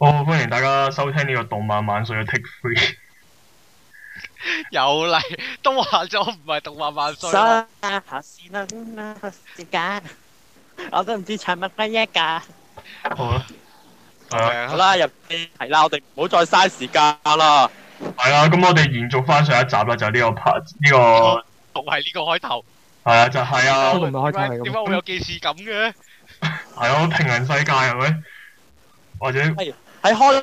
好，歡迎大家收聽呢個動漫萬歲嘅 Take Three 有嚟都話咗唔係動漫萬歲。啦、啊。下先啦，時間我都唔知唱乜乜嘢噶。好啦、啊，啊、好啦，入邊提撈，我哋唔好再嘥時間啦。係啊，咁我哋延續翻上一集啦，就呢個拍呢、這個。仲係呢個開頭。係啊，就係、是、啊，呢點解會有既視感嘅？係啊，平行世界係咪、啊？或者。喺開呢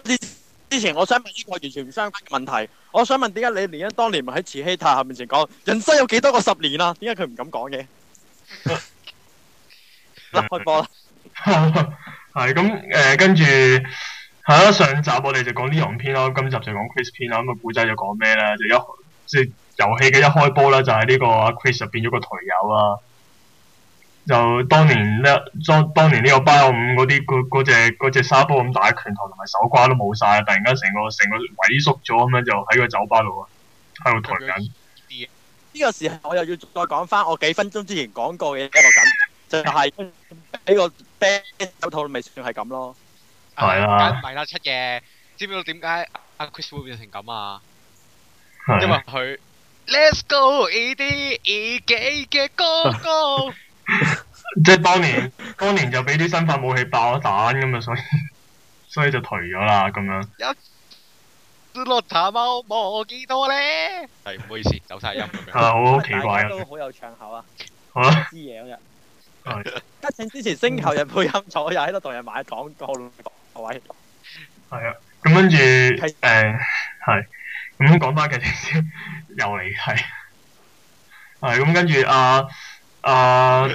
之前，我想問呢個完全唔相關嘅問題。我想問，點解李連英當年唔喺慈禧太后面前講人生有幾多個十年啦、啊？點解佢唔敢講嘅？啦、 啊，開波啦、 啊。係咁，誒，跟住係咯，上集我哋就講呢樣片啦，今集就講 Chris 片啦。咁啊，古仔就講咩咧？就一即係遊戲嘅一開波啦，就係、是、呢個阿 Chris 入變咗個台友啦、啊。就當年呢，當當年呢個八五嗰啲嗰嗰隻沙煲咁大嘅拳頭同埋手瓜都冇晒，突然間成個成個萎縮咗咁樣，就喺個酒吧度喺度抬緊。呢個時候，我又要再講翻我幾分鐘之前講過嘅一路緊就係喺個 band 手套未算係咁咯。係啊，梗唔係啦，七嘅知唔知道點解阿 Chris 會變成咁啊？啊，因為佢 Let's go，e d e 己嘅、e、哥哥。 即係 當年，當年就俾啲新發武器爆咗彈咁啊，所以所以就頹咗啦咁樣。有綠茶冇？我基多咧，係唔好意思，走晒音啊！好奇怪啊，都好有場口啊，好啦了。嘢咁嘅，啊 是！家陣之前星球人配音坐又喺度同人買廣告位，係 啊。咁跟住誒，係咁講翻劇情先，嗯、 又嚟係，係咁 跟住啊。阿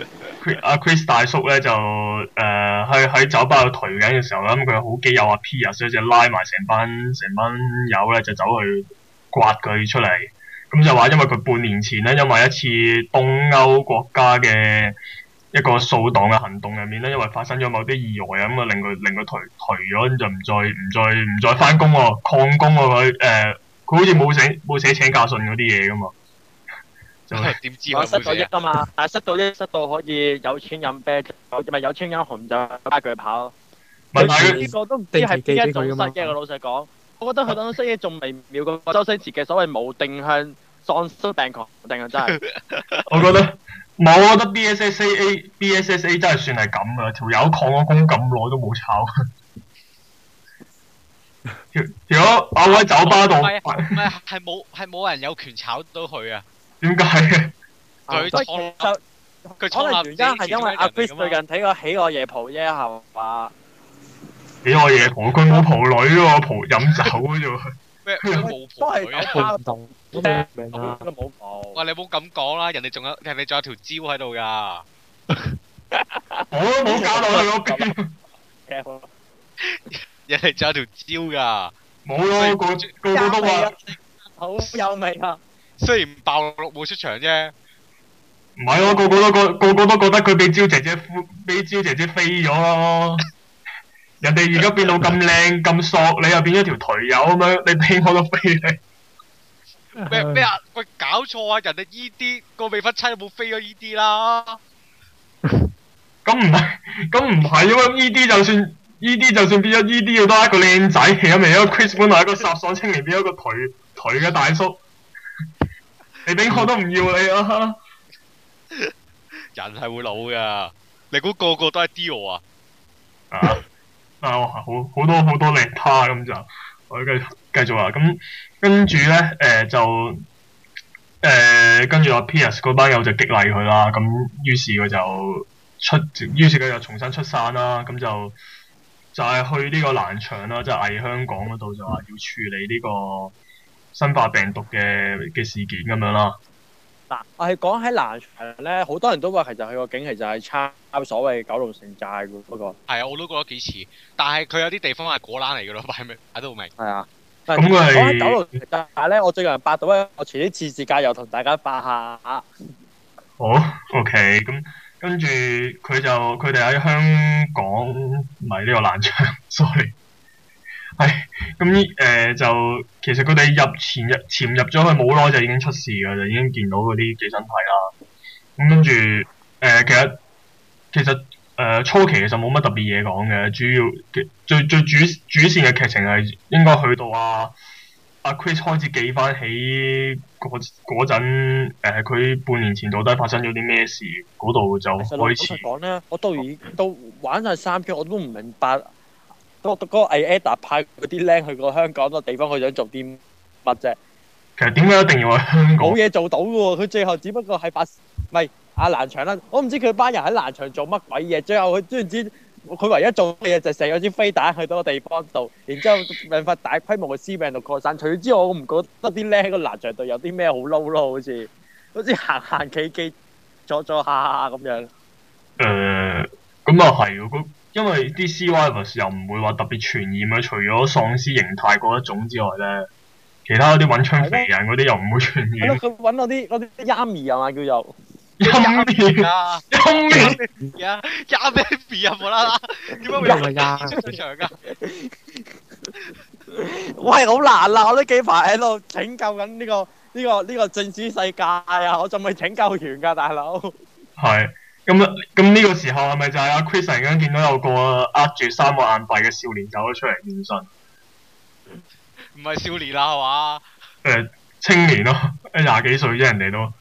Chris 阿 Chris 大叔咧就誒喺喺酒吧度頹緊嘅時候咧，咁佢好基友阿、啊、P 啊，所以就拉埋成班成班友咧就走去刮佢出嚟。咁就話因為佢半年前咧因為一次東歐國家嘅一個掃蕩嘅行動入面咧，因為發生咗某啲意外啊，咁、嗯、啊令佢令佢頹頹咗，就唔再唔再唔再返工喎，曠工喎佢誒，佢、uh, 好似冇寫冇寫請假信嗰啲嘢噶啊。點知我失咗益啊嘛？ 但係失到益，失到可以有錢飲啤酒，唔係有錢飲紅酒拉佢跑咯。呢個都唔知係邊一種失嘅。我老實講，我覺得佢嗰種失嘅仲微妙過周星馳嘅所謂無定向喪心病狂，定向真係。我覺得，冇、啊， 我覺得，得 BSSA BSSA 真係算係咁噶，條友抗咗工咁耐都冇炒。條條友我喺酒吧度，唔係冇係冇人有權炒到佢啊！點解嘅？所以其實可能原因係因為阿 B 最近睇過喜愛夜蒲啫，係嘛？喜愛夜蒲佢冇蒲女喎，蒲飲酒啫喎。咩？都係一蒲唔動。明啦，都冇蒲。喂，你唔好咁講啦，人哋仲有，人哋仲有條蕉喺度噶。我都冇搞到佢嗰邊。人哋仲有條蕉噶。冇咯，個個都話好有味啊！雖然爆六冇出場啫，唔係咯，個個都覺個個都覺得佢俾招姐姐俾招姐姐飛咗咯。 人哋而家變到咁靚咁索，你又變咗條頹友咁樣，你俾我都飛你。咩咩啊？喂， 啊、搞錯啊！人哋 E D 個未婚妻有冇飛咗 E D 啦、啊。咁唔係咁唔係啊？E D 就算 E D 就算變咗 E D，要多一個靚仔，而家咪因為個 Chris 本來 一個十索青年，變咗一個頹頹嘅大叔。你點我都唔要你啊！ 人係會老噶，你估個個都係 Dior 啊？啊 啊，好好多好多靚他咁就，我繼續繼續啊！咁跟住咧，誒、呃、就誒跟、呃、住阿 Piers 嗰班友就激勵佢啦。咁於是佢就出，於是佢就重新出山啦。咁就就係、是、去呢個難場啦，即係喺香港嗰度就話要處理呢、這個。新化病毒嘅嘅事件咁樣啦，我係講喺南場咧，好多人都話其實佢個景其實係抄所謂九龍城寨嘅、那個，不過係啊，我都覺得幾似，但係佢有啲地方係果欄嚟嘅咯，睇咩睇到明係啊，咁係九龍，但係咧我最近八到咧，我遲啲次自駕遊同大家發下，好、oh, OK，咁跟住佢就佢哋喺香港，唔係呢個南場 ，sorry。係，咁呢、哎？誒、呃、就其實佢哋入潛入潛入咗去冇耐就已經出事㗎，就已經見到嗰啲寄生體啦。咁跟住誒，其實其實誒初期其實冇乜特別嘢講嘅，主要最最主主線嘅劇情係應該去到阿、啊、阿、啊、Chris 開始記翻起嗰嗰陣誒，佢半年前到底發生咗啲咩事嗰度就開始講咧。我到而家都 Okay. 玩晒三章，我都唔明白。我讀嗰個艾達派嗰啲僆去個香港個地方，佢想做啲乜啫？其實點解一定要去香港？冇嘢做到噶喎，佢最後只不過係發，唔係阿蘭牆啦。我唔知佢班人喺蘭牆做乜鬼嘢。最後佢，雖然之佢唯一做嘅嘢就射咗支飛彈去到個地方度，然之後引發大規模嘅屍病毒擴散。除咗之外，我唔覺得啲僆喺個蘭牆度有啲咩好撈咯，好似好似行行企企坐坐下下咁樣。誒，咁又係喎。因為啲 Cylvers 又唔會話特別傳染啊，除咗喪屍形態嗰一種之外咧，其他嗰啲搵槍肥人嗰啲又唔會傳染。佢搵嗰啲啲 Yami 啊嘛，叫做。Yami 啊，Yami 啊，Yami 啊冇啦啦，點解會 Yami 出場噶？我係好難啦，我呢幾排喺度拯救緊呢個呢個呢個僵屍世界啊，我仲未拯救完噶大佬。係。咁咁呢個時候係咪就係阿、啊、Chris 突然間見到有個呃住三個硬幣嘅少年走咗出嚟現身？唔係少年啦，係嘛？誒，青年咯，廿幾歲啫，人哋都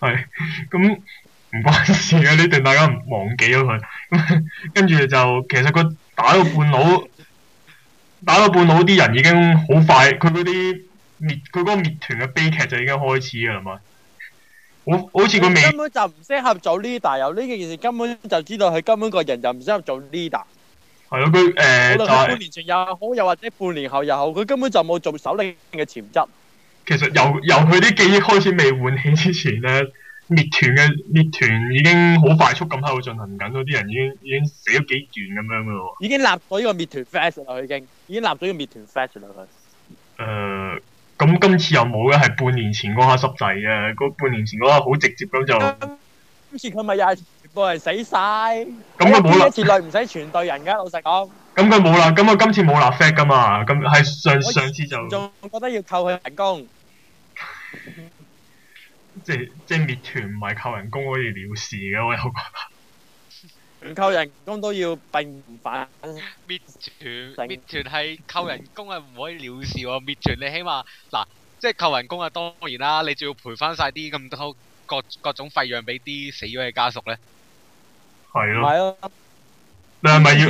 係咁唔關事嘅，呢、嗯、段大家唔忘記咗佢。跟、嗯、住就其實佢打到半路， 打到半路啲人已經好快，佢嗰啲滅佢嗰個滅團嘅悲劇就已經開始噶啦嘛。好似佢未根本就唔適合做 leader，有呢件事根本就知道佢根本個人就唔適合做 leader。係咯，佢誒，呃、半年前又好，又或者半年後又好，佢根本就冇做首領嘅潛質。其實由由佢啲記憶開始未喚起之前咧，滅團嘅滅團已經好快速咁喺度進行緊，嗰啲人已經已經死咗幾段咁樣噶咯。已經立咗呢個滅團 flag 啦，已經已經立咗呢個滅團 flag 啦。誒。咁今次又冇嘅，係半年前嗰下濕滯嘅。嗰半年前嗰下好直接咁就，今次佢咪又係全部係死晒。咁佢冇啦，一節內唔使全隊人噶，老實講。咁佢冇啦，咁佢今次冇立 flag 噶嘛，咁係上上次就。我仲覺得要扣佢人工？ 即係即係滅團唔係靠人工可以了事嘅，我有。 唔扣人工都要並唔犯滅團全，滅團係扣人工係唔可以了事喎！滅團你起碼嗱，即係扣人工啊，當然啦，你仲要賠翻晒啲咁多各各種費用俾啲死咗嘅家屬咧。係咯。係咯。你係咪要？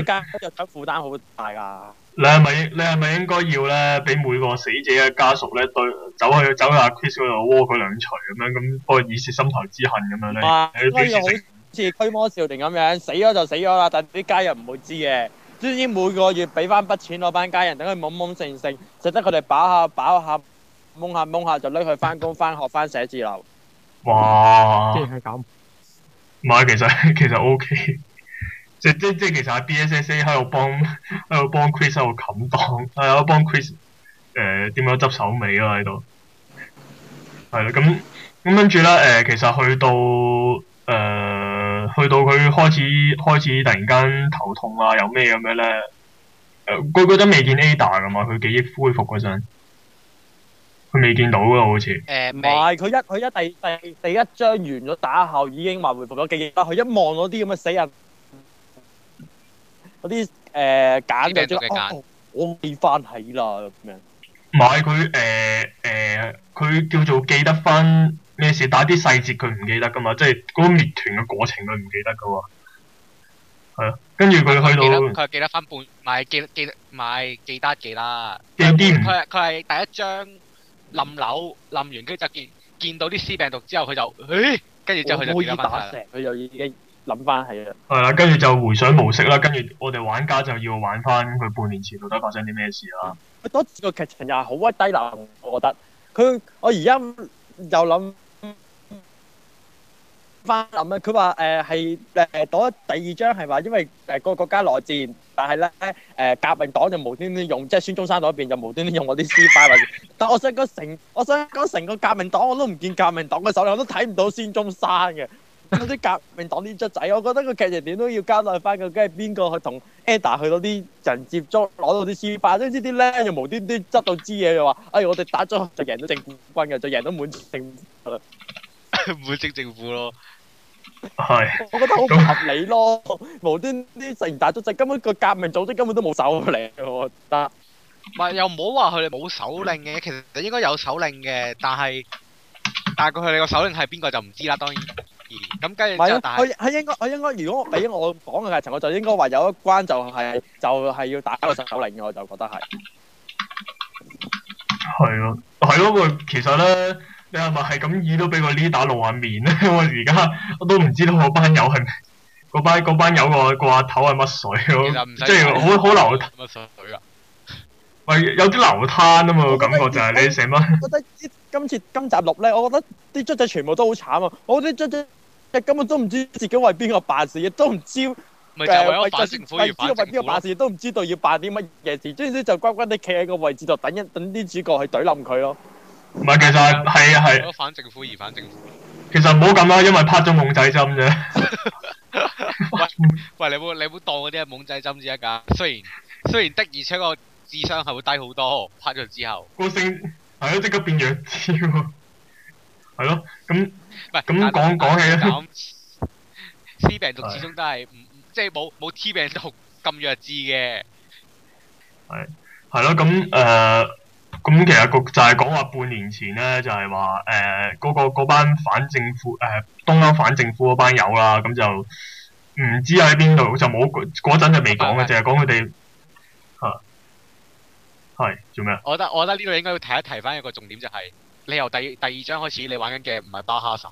負擔好大噶。你係咪應？你係咪應該要咧？俾每個死者嘅家屬咧，對走去走去阿 Chris 嗰度窩佢兩錘咁樣，咁幫佢以泄心頭之恨咁樣咧？唔係，似驅魔少年咁樣，死咗就死咗啦，但啲家人唔會知嘅。總之每個月俾翻筆錢嗰班家人，等佢懵懵盛盛，食得佢哋飽下飽下，懵下懵下就拎佢翻工翻學翻寫字樓。哇！呢樣係搞唔？唔係，其實其實 O、OK、K。即即即其實喺 B S S A 喺度幫喺度幫 Chris 喺度冚檔，喺度幫 Chris 誒、呃，點樣執手尾啊？喺度係啦，咁咁、嗯、跟住咧，誒，其實去到誒。呃去到佢開始開始突然間頭痛啦，又咩咁樣咧？誒，嗰嗰陣未見 Ada 噶嘛？佢記憶恢復嗰陣，佢未見到噶好似。誒，唔係佢一佢一第第第一章完咗打後，已經話恢復咗記憶啦。佢一望到啲咁嘅死人，嗰啲誒揀嘅張，我我記翻起啦咁樣。唔係佢誒誒，佢叫做記得翻。咩事？打啲細節佢唔記得噶嘛？即係嗰個滅團嘅過程佢唔記得噶喎。係啊，跟住佢去到佢係、啊、記得翻半，咪記記咪記得記啦。佢係第一張冧樓冧完，跟住就見見到啲屍病毒之後，佢就誒，跟住就去佢哇就已經諗翻係啦。係啦、啊，跟住就回想模式啦。跟住我哋玩家就要玩翻佢半年前到底發生啲咩事啦。嗰個劇情又係好鬼低能，我覺得。佢我而家又諗。翻諗啊！佢話誒係誒誒，嗰第二章係話，因為誒個國家內戰，但係咧誒革命黨就無端端用，即係孫中山嗰邊就無端端用我啲書包。但我想講成，我想講成個革命黨，我都唔見革命黨嘅手，我都睇唔到孫中山嘅。嗰啲革命黨啲卒仔，我覺得個劇情點都要交代翻究竟係邊個去同 Ada 去到啲人接觸，攞到啲書包，所以啲僆就無端端執到支嘢，就話：，哎，我哋打咗就贏到政府軍嘅，就贏到滿政府，唔會積政府咯。係，我覺得好唔合理咯，無端啲成大組織根本個革命組織根本都冇首領，我覺得，唔係又唔好話佢哋冇首領嘅，其實應該有首領嘅，但係但係佢哋個首領係邊個就唔知啦，當然。咁跟住就係，佢佢應該佢應該如果俾我講嘅劇情，我就應該話有一關就係就係要打個首領嘅，我就覺得係。係咯，係咯，其實咧。你係咪係咁意都俾個 leader 露下面咧？我而家我都唔知道我班友係咪。班班友個個阿頭係乜水，即係好好流。乜水啊？咪有啲流攤啊嘛？個感覺就係你成班。我覺得今次今集錄咧，我覺得啲卒仔全部都好慘啊！我啲卒仔，根本都唔知自己為邊個辦事，亦都唔知誒為咗為邊個辦事，亦都唔知道要辦啲乜嘢事，總之、啊、就，就乖乖地企喺個位置度等一等啲主角去懟冧佢咯。唔係，其實係係係反政府而反政府。其實唔好咁啦，因為拍咗懵仔針啫。喂，你會你會當嗰啲係懵仔針之一噶？雖然雖然的而且個智商係會低好多，拍咗之後。個性係咯，即刻變弱智啊！係 咯，咁唔係咁講講起咧的，C 病毒始終都係唔即係冇冇 T 病毒咁弱智嘅。係係咯，咁誒。咁其實個就係講話半年前咧，就係話誒嗰個班反政府誒、欸、東歐反政府嗰班友啦，咁就唔知喺邊度，就冇嗰陣就未講嘅，淨係講佢哋嚇係做咩？我覺得我覺得呢度應該要提一提翻一個重點，就係，就係你由第第二章開始，你玩緊嘅唔係巴哈薩，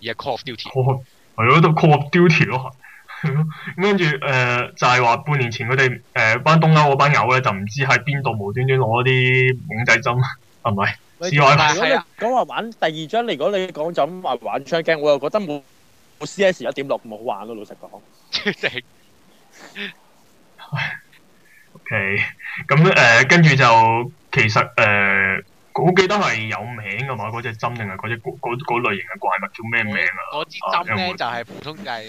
而係 Call of Duty。係咯，啊，Call of Duty 咯，啊。 跟住，誒、呃、就係、是、話半年前佢哋誒班東歐嗰班友咧，就唔知喺邊度無端端攞啲懵仔針，係 咪是？試下，啦，係玩第二張，如果你講就咁話玩槍 game 我又覺得冇冇 C S 一點六咁好玩咯。老實講，O K。咁誒、 okay. 嗯呃，跟住就其實誒。呃我好記得係有名嘅嘛，嗰隻針定係嗰隻嗰嗰嗰類型嘅怪物叫咩名啊？嗰支針咧就係普通嘅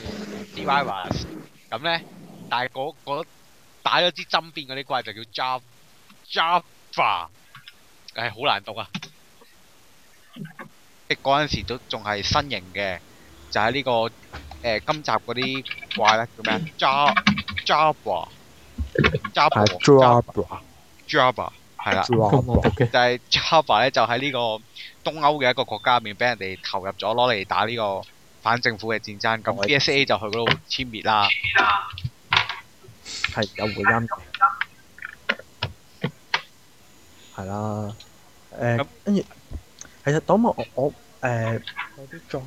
C-Virus 咁咧，但係嗰嗰打咗支針變嗰啲怪就叫 Java Java，唉好難讀啊！即係嗰陣時都仲係新型嘅，就喺呢個誒今集嗰啲怪咧叫咩？Java Java Java Java 係啦，但係 Java 咧，就喺呢個東歐嘅一個國家入面，俾人哋投入咗攞嚟打呢個反政府嘅戰爭。咁 B.S.A 就去嗰度殲滅啦。係有回音，係啦。誒，跟住其實黨物我我誒，啲炸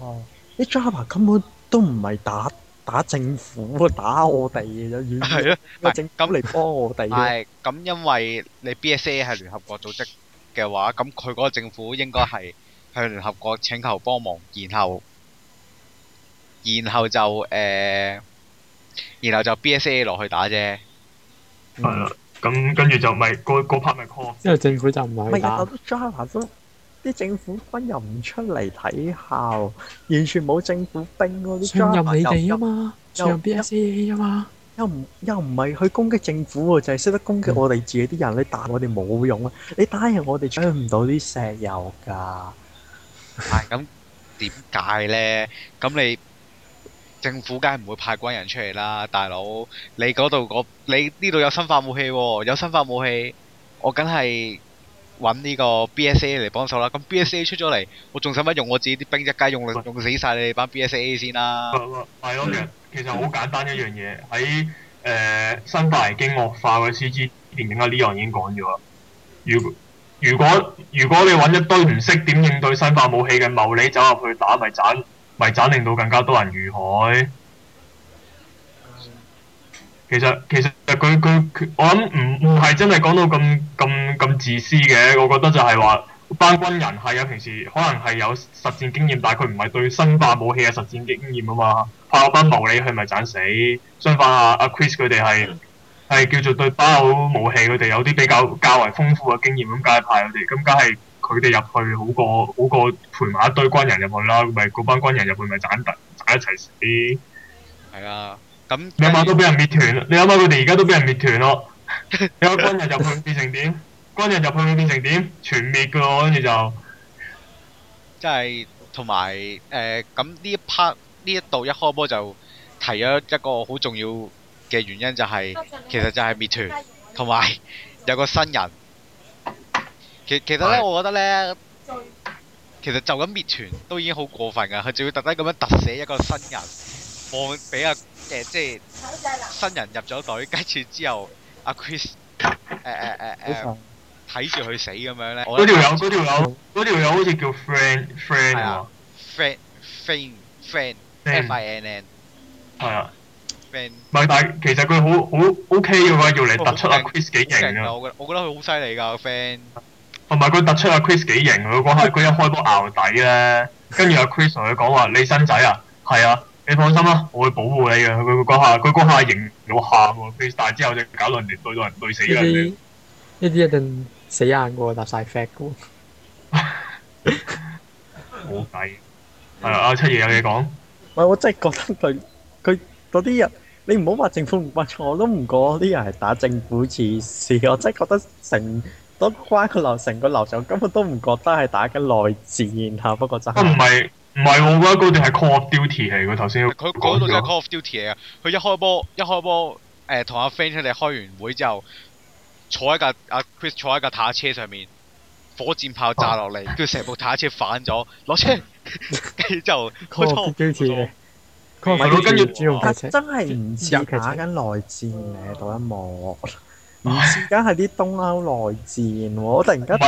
啲 Java 根本都唔係打。打政府，啊、打我哋啊，完全係咯。咁嚟幫我哋。係咁，因為你 B S A 係聯合國組織嘅話，咁佢嗰個政府應該係向聯合國請求幫忙，然後然後就誒，然後就，呃、就 B S A 落去打啫。係啦，嗯，咁跟住就咪嗰嗰 part 咪 call，因為政府就唔係啲政府軍又唔出嚟睇效，完全冇政府兵嗰啲裝備入入，搶邊一啲啊嘛？又唔又唔係去攻擊政府喎，就係識得攻擊我哋自己啲人，你打我哋冇用啊！你打人我哋搶唔到啲石油噶，係，咁點解咧？咁你政府梗係唔會派軍人出嚟啦，大佬，你嗰度嗰你呢度有生化武器喎，有生化武器，我梗係。揾呢個 BSA 嚟幫手啦，咁 BSA 出咗嚟，我仲使乜用我自己啲兵一雞用用死晒你班 BSA 先啦？係啊，啊啊啊 okay. 其實好簡單一樣嘢，喺誒的、呃、生化危機惡化嘅 CG 年，點解呢樣已經講咗？如果如果如果你揾一堆唔識點應對生化武器嘅無理走入去打，咪盞咪盞，令到更加多人遇害。其實其實佢佢我諗唔唔係真係講到咁咁咁自私嘅，我覺得就係話班軍人係有平時可能係有實戰經驗，但係佢唔係對生化武器嘅實戰經驗啊嘛，派落班謀你，佢咪盞死。相反啊，阿 Chris 佢哋係係叫做對 bio 武器，佢哋有啲比較較為豐富嘅經驗，咁梗係派佢哋，咁梗係佢哋入去好過好過陪埋一堆軍人入去啦，咪嗰班軍人入去咪盞得，盞一齊死。係啊。你阿媽都俾人滅團，你阿媽佢哋而家都俾人滅團咯。你話軍人入去變成點？軍人入去變成點？全滅噶，跟住就即係同埋誒，咁呢一 part 呢一度一開波就提咗一個好重要嘅原因，就係其實就係滅團，同埋有個新人。其其實咧，我覺得咧，其實就咁滅團都已經好過分噶，佢仲要特登咁樣特寫一個新人放俾阿。呃、即係新人入咗隊，跟住之後阿、啊、Chris 誒誒誒睇住佢死咁樣咧，嗰條友，嗰條友，嗰條友好似叫 Friend Friend 喎、啊、，Friend Friend Friend, friend F I N N 係 ural? 啊，Friend 唔係，但其實佢好好 OK 嘅喎，要嚟突出阿、啊、英俊 Chris 幾型啊！我我覺得佢好犀利噶，Friend，同埋佢突出阿、啊、Chris 幾型啊！佢講下佢一開波拗底咧， 對 跟住阿、啊、Chris 同佢講話：你新仔啊，係啊。你放心啦，我會保護你嘅。佢會下，佢關下型，我喊。你大之後就搞到人哋對到人對死人。呢啲一定死硬嘅，搭晒 flag 嘅。冇、啊、計。誒，阿七爺有嘢講。我我真係覺得佢佢嗰啲人，你唔好話政府唔犯錯，我都唔覺啲人係打政府次事。我真係覺得成多關個流成個流程，根本都唔覺得係打緊內戰吓。不過就，我唔係。唔係，我覺得嗰度係 call of duty 嚟。我頭先佢嗰度即係 call of duty 嚟嘅。佢一開波，一開波，誒、呃，同阿 friend 佢哋開完會之後，坐喺架阿 Chris 坐喺架坦克車上面，火箭炮炸落嚟，跟住成部坦克車反咗，落車，跟住之後開個 call of 唔係嗰根要真係唔似打緊內戰嘅到一幕，唔似，梗係啲東歐內戰喎。我突然間，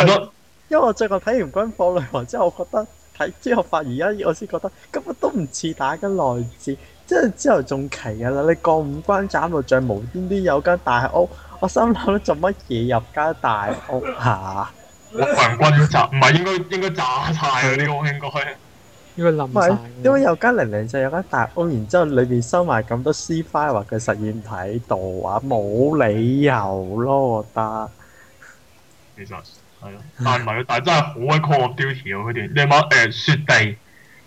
因為我最近睇完《軍火女王》之後，我覺得。睇之後發現，而家我先覺得根本都唔似打緊內戰，即係之後仲奇㗎喇！你過五關斬六將，無端端有間大屋，我心諗做乜嘢入間大屋啊？我過五關唔係應該應該炸曬呢個應該應該冧曬。唔係點解有間零零就有間大屋，然之後裏邊收埋咁多屍化或嘅實驗體度啊？冇理由咯，我覺得。其實！係、嗯、但係唔係，但係真係好鬼 call of duty 哦！段你話誒、呃、雪地，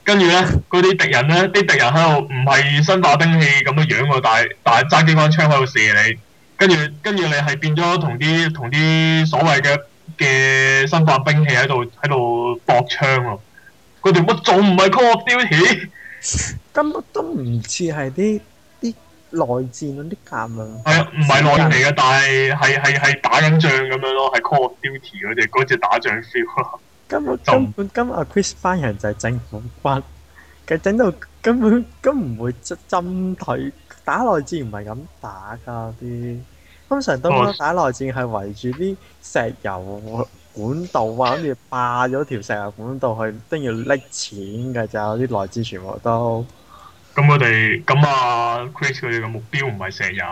跟住咧嗰啲敵人咧，啲敵人喺度唔係生化兵器咁嘅樣喎，但係但係揸機關槍喺度射你，跟住跟住你係變咗同啲同啲所謂嘅嘅生化兵器喺度喺度搏槍咯，嗰條乜仲唔係 call of duty？根本都唔似係啲。內戰嗰啲咁樣，係啊，唔係、欸、內戰嚟嘅，但係係係係打緊仗咁樣咯，係 call of duty 嗰隻嗰隻打仗 feel 咯本就。根本、啊 er、就根本，阿 Chris 班人就係政府軍，佢整到根本都唔會進進退。打內戰唔係咁打㗎啲，通常，常都打內戰係圍住啲石油管道啊，跟住 霸咗條石油管道去，都要搦錢嘅。仲啲內戰全部都。咁我哋咁啊，Chris 佢哋嘅目標唔係石油，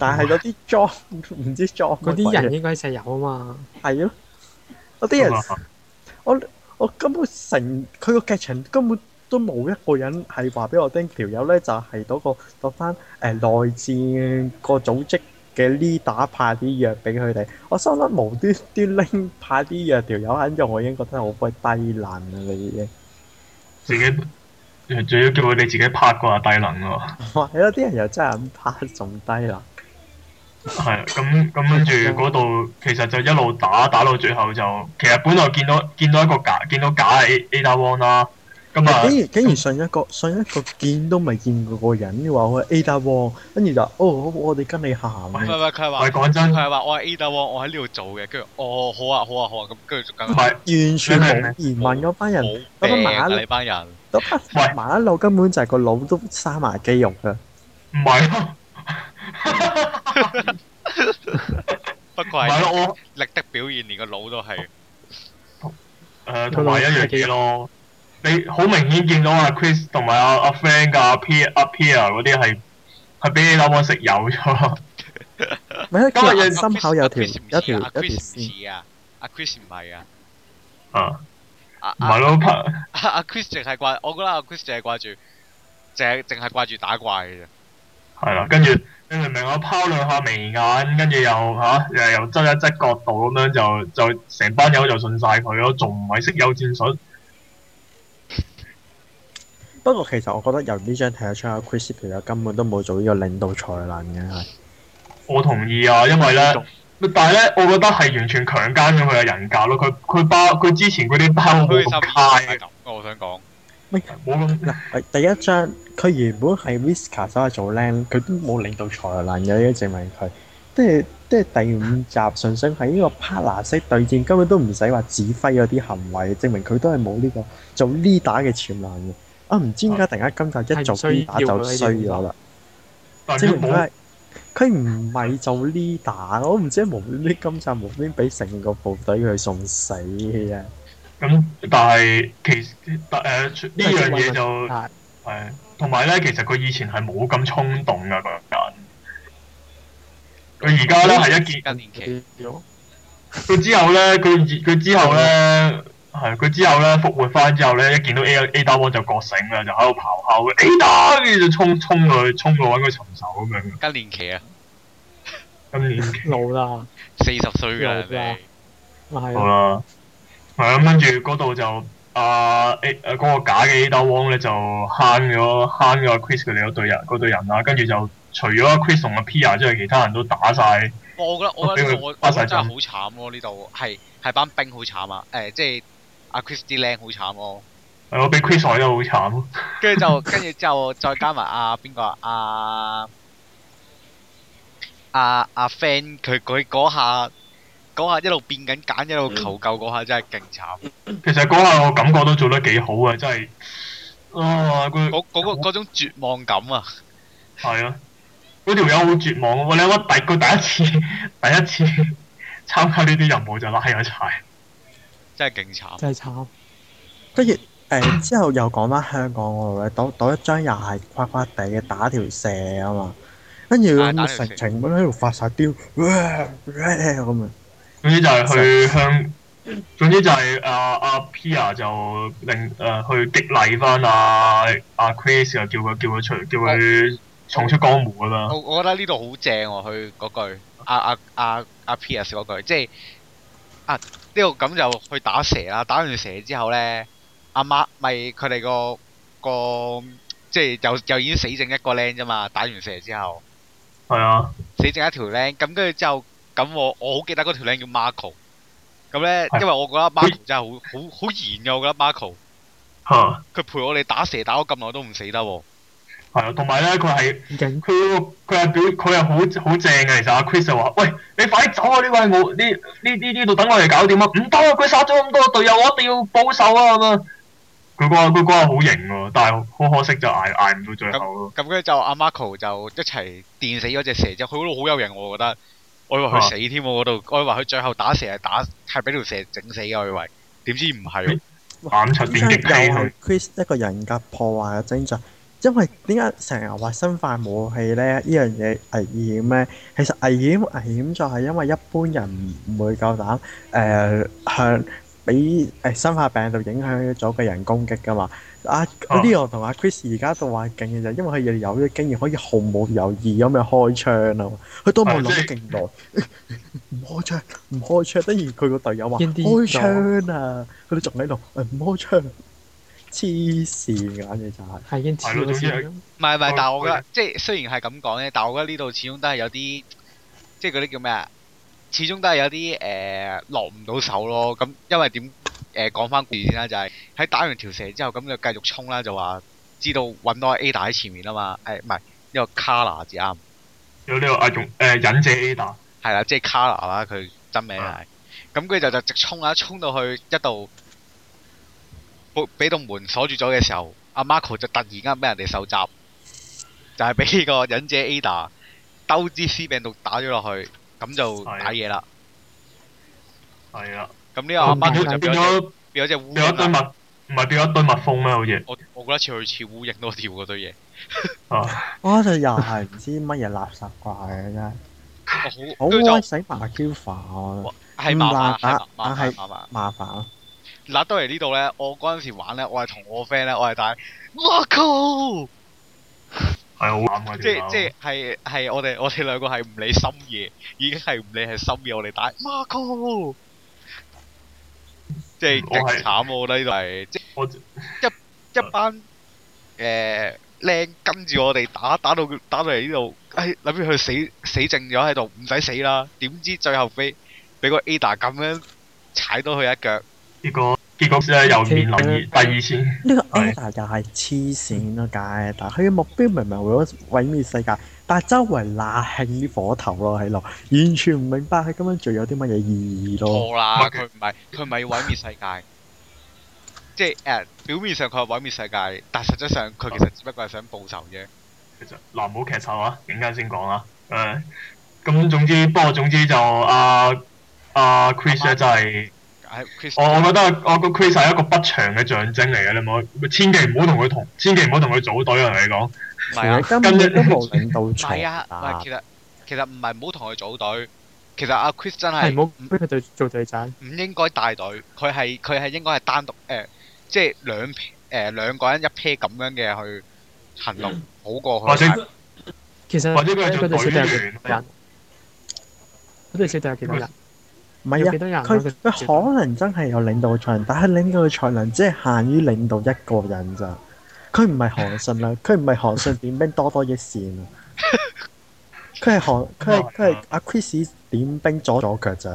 但係嗰啲 job 唔知 job 嗰啲人應該石油啊嘛。係咯，嗰啲人，啊、我我根本成佢個劇情根本都冇一個人係話俾我聽，條友咧就係嗰、嗰個嗰班誒內戰個組織嘅 leader 派啲藥俾佢哋。我心諗無端端拎派啲藥條友喺度，肯我已經覺得好鬼低能啦已經。你自己。仲要叫佢哋自己拍過啊，低能喎！有啲人又真係咁拍仲低能。係咁咁，跟住嗰度其實就一路打打到最後就，其實本來見到見到一個假見到假係 Ada Wong 啦。咁啊，竟然竟然上一個上一個見都未見過個人你話，我係 Ada Wong 跟住就哦，我哋跟你行。唔係唔係，佢係話唔係講真，佢係話我係 Ada Wong 我喺呢度做嘅。跟住哦，好啊好啊好啊，咁跟住就唔係完全冇疑問嗰班人，咁啱你班人。都爬埋一路，根本就係個腦都生埋肌肉噶。唔係咯，不過唔係咯，我力的表現連個腦都係，誒同埋一樣嘢咯。你好明顯見到啊 Chris 同埋阿阿 friend 噶 appear appear 嗰啲係係俾你諗我食油咗。今日又心口有條一條一條屎啊！阿 Chris 唔係啊。啊！唔係咯，阿 Chris 淨係掛，我覺得阿、啊、Chris 淨係掛住，淨係淨係掛住打怪嘅啫。係啦，跟住你明唔明我拋兩下眉眼，跟住又吓、啊，又又執一執角度咁樣，就就成班友就信晒佢咯，仲唔係識有戰術？ 不過其實我覺得由呢張睇得出阿、啊、Chris 其實根本都冇做呢個領導才能嘅。我同意啊，因為咧。 但係咧，我覺得係完全強姦咗佢嘅人格咯。佢佢包佢之前嗰啲包冇咁 high。我想講，冇咁了。第一張佢原本係 Visca 走去做 ang，領，佢都冇領導才能嘅，證明佢。即係即係第五集，純粹喺個 partner 式對戰，根本都唔使話指揮嗰啲行為，證明佢都係冇呢個做 leader 嘅潛能嘅。啊，唔知點解突然間今集一做 leader 就衰咗啦？即係唔係？佢唔係做 leader，我都唔知冇邊啲金贊，冇邊俾成個部隊佢送死啊！咁、嗯、但係其實誒、呃嗯、呢樣嘢就係同埋咧，其實佢以前係冇咁衝動噶個人，佢而家咧係一件一年期佢 之後咧，佢佢之後咧。係佢之後咧復活翻之後咧，一見到 Ada Ada Wong 就覺醒啦，就喺度咆哮嘅 Ada，就衝衝佢，衝去搵佢尋仇咁樣。年啊、更年期啊？更年老啦，四十歲噶啦。老啦的。係咁，跟住嗰度就啊，a 嗰、啊嗰個假嘅 Ada Wong 咧，就慳咗慳咗 Chris 佢哋嗰對人嗰對人啦、啊。跟住就除咗 Chris 同阿 Pia 之外，其他人都打晒。我覺得打我，覺得我覺得真係好慘咯，呢度係係班兵好慘啊！誒，即係。阿 Christy 靚好慘哦，係我俾 Chris 害咗好慘，跟住 就跟住之後再加埋阿邊個阿阿阿 Fan，佢佢嗰下嗰下一路變緊揀一路求救嗰下，真係勁慘。其實嗰下我感覺都做得幾好啊，真係啊嗰嗰個種絕望感啊，係啊，嗰條友好絕望，啊，你我你我第個第一次第一次參加呢啲任務就拉咗柴。真係勁慘！真係慘！跟住誒，之後又講翻香港嗰度咧，倒倒一張又係誇誇地嘅打條蛇啊嘛，跟住成個神情乜喺度發晒癲，咁樣 ー笑。總之就係去香，總、啊、之就係阿阿 Pia 就令誒去激勵翻阿阿 Chris，又叫佢叫佢出，嚟，叫佢重出江湖啊嘛。我我覺得呢度好正喎，佢嗰句阿阿阿阿 Pia 嗰句，即係啊。呢、這個咁就去打蛇啦，打完蛇之後呢，阿媽咪佢哋個個即係又又已經死剩一個靚啫嘛，打完蛇之後，係啊，死剩一條靚，咁跟住之後，咁我我好記得嗰條靚叫 Marco，咁呢，啊、因為我覺得 Marco 真係好 好好韌嘅，我覺得 Marco，佢、啊、陪我哋打蛇打咗咁耐都唔死得喎。係啊，同埋咧，佢係佢個佢係表，佢係好好正嘅。其實阿 Chris 就話：喂，你快走啊！呢位我呢呢呢呢度等我嚟搞掂啊！唔得啊！佢殺咗咁多隊友，我一定要報仇啊！咁啊，佢嗰個佢嗰個好型啊！但係好可惜就挨挨唔到最後。咁跟住就阿 Marco 就一齊電死嗰隻蛇啫，佢嗰度好有型，我覺得。我以為佢死添，我度我以為佢最後打蛇係打係俾條蛇整死，我以為。點知唔係？咁樣又係 Chris 一個人格破壞嘅徵象。因為點解成日話生化武器咧？呢樣嘢危險咧？其實危險危險就係因為一般人唔唔會夠膽、呃、向俾誒、呃、生化病毒影響咗嘅人攻擊噶嘛。啊，嗰啲、oh. 啊、Leon 同阿 Chris 而家就話勁嘅就因為佢有啲經驗可以毫無猶豫咁樣開槍啊！佢都冇諗勁耐，唔、oh. 開槍，唔開槍，突然佢個隊友話 the 開槍啊！佢就仲喺度唔開槍、啊。黐線嘅，反正就係，係已經黐到黐咁。唔係唔係，但係我覺得，即係雖然係咁講咧，唉但係我覺得呢度始終都係有啲，即係嗰啲叫咩啊？始終都係有啲誒落唔到手咯。咁因為點誒講翻故事先啦，就係、是、喺打完條蛇之後，咁就繼續衝啦，就話知道揾到 Ada 喺前面、哎、啊嘛。誒唔係呢個 Kana 啱。有呢個阿勇誒忍者 Ada，a 係啦，即係 Kana 啦，佢、就是、真名係。咁佢就就直衝啦，衝到去一度。俾棟門鎖住咗嘅時候，阿 Marco 就突然間俾人哋受襲，就係俾呢個忍者 Ada 兜支屍病毒打咗落去，咁就打嘢啦。係啊，咁呢個阿 Marco 就變咗變咗隻烏，變咗堆蜜，唔係變咗一堆蜜蜂咩？好似我我嗰一次去似烏蠅多條嗰堆嘢。啊，我就又係唔知乜嘢垃圾怪嘅真係。好，好鬼死麻煩，係麻煩，麻煩。嗱，都嚟呢度咧，我嗰陣時玩咧，我係同我 friend 咧，我係打 Marco，係好慘啊！即係即係係係我哋我哋兩個係唔理深夜，已經係唔理係深夜，我哋打 Marco，即係極慘我得呢度係，即係一一班誒靚跟住我哋打打到打到嚟呢度，哎諗住佢死死靜咗喺度唔使死啦，點知最後尾俾個 Ada 咁樣踩到佢一腳，結果。結果咧又變冷熱，okay, yeah, 第二次呢個 Ada 又係黐線咯，Ada 佢嘅目標明明為咗毀滅世界，但係周圍拉起啲火頭咯，喺度完全唔明白佢咁樣做有啲乜嘢意義咯，啊。錯啦、啊，佢唔係佢唔係毀滅世界，啊、即係 a、啊、表面上佢係毀滅世界，但係實質上佢其實只不過係想報仇啫。其實嗱，唔好劇透啊，陣間先講啦。誒、啊，咁、嗯、總之，不過總之就啊，阿、啊啊、Chris 咧、啊、就係、是。我我覺得我個 Chris 係一個不祥嘅象徵嚟嘅，你唔好千祈唔好同佢同，千祈唔好同佢組隊啊！我同你講，跟住都冇導錯。唔係，其實其實唔係唔好同佢組隊。其實阿 Chris 真係唔好唔俾佢隊做隊長，唔應該帶隊。佢係佢係應該係單獨誒，即係兩誒兩個人一 pair 咁樣嘅去行動，好過。或者，其實或者佢佢哋死掉幾多人？佢哋死掉幾多人？唔係啊，佢佢可能真係有領導嘅才能，但係領導嘅才能只係限於領導一個人咋。佢唔係韓信啦，佢唔係韓信點兵多多益善，佢係韓佢係佢係阿 Chris 點兵左咗腳咋。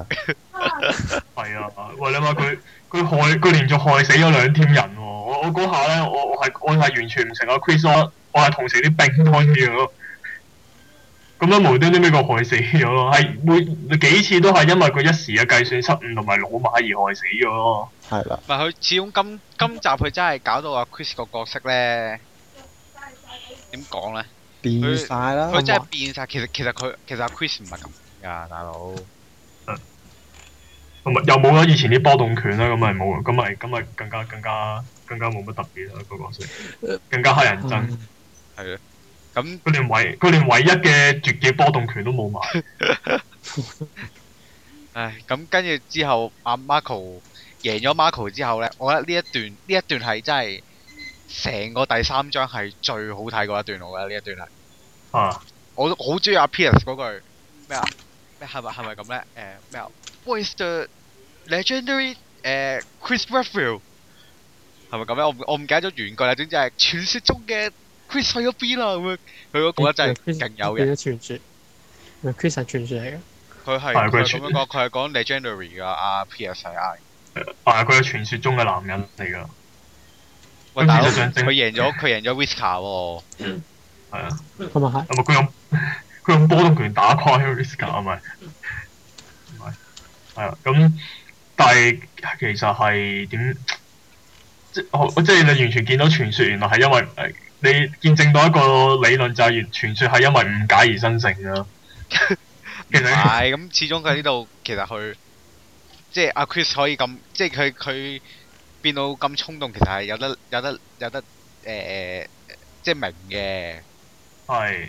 係、 嗯、 啊，喂你話佢佢害佢連續害死咗兩添人喎。我我嗰下咧，我呢我係我係完全唔成阿 Chris，我係同成啲兵抗住。咁樣無端端俾佢害死咗，係每幾次都係因為佢一時嘅計算失誤同埋老馬而害死咗咯。係的啦，但係佢始終今今集佢真係搞到阿 Chris 個角色咧，點講咧？變晒啦，佢真係變晒。其實其實佢其實阿 Chris 唔係咁噶，大佬。同埋、嗯、又冇咗以前啲波動拳啦，咁咪冇，咁咪咁咪更加更加更加冇乜特別啦個角色，更加乞人憎。係啊。 佢、嗯、連唯佢連唯一嘅絕嘅波動拳都冇埋。唉，咁跟住之後阿、啊、Marco 贏咗 Marco 之後咧，我覺得呢一段呢一段係真係成個第三章係最好睇嗰一段，我覺得呢一段係啊，我好中意阿 Piers 嗰句咩啊？係咪係咪咁咧？誒咩、呃、What is the legendary 誒、呃、Chris Redfield 係咪咁咧？我我唔記得咗原句啦，總之係傳說中嘅。佢去咗邊啦？咁樣，佢嗰個真係勁有人傳說，係佢實傳說嚟嘅、啊。佢係佢係點樣講？佢係講 Legendary 噶啊，PSI，係佢係傳說中嘅男人嚟噶。咁事實上，佢贏咗，佢贏咗 Visca 喎。嗯，係啊。咁、哦、 啊係，咁啊佢用佢用，用波動拳打 Whisker 啊？咪係啊？咁但係其實係點？即係你完全見到傳說，原來係因為誒。你見證到一個理論就係傳說係因為誤解而生成噶，唔係咁始終佢呢度，其實佢即係阿 Chris 可以咁，即係佢佢變到咁衝動，其實係有得有得有得誒、呃呃，即係明嘅。係，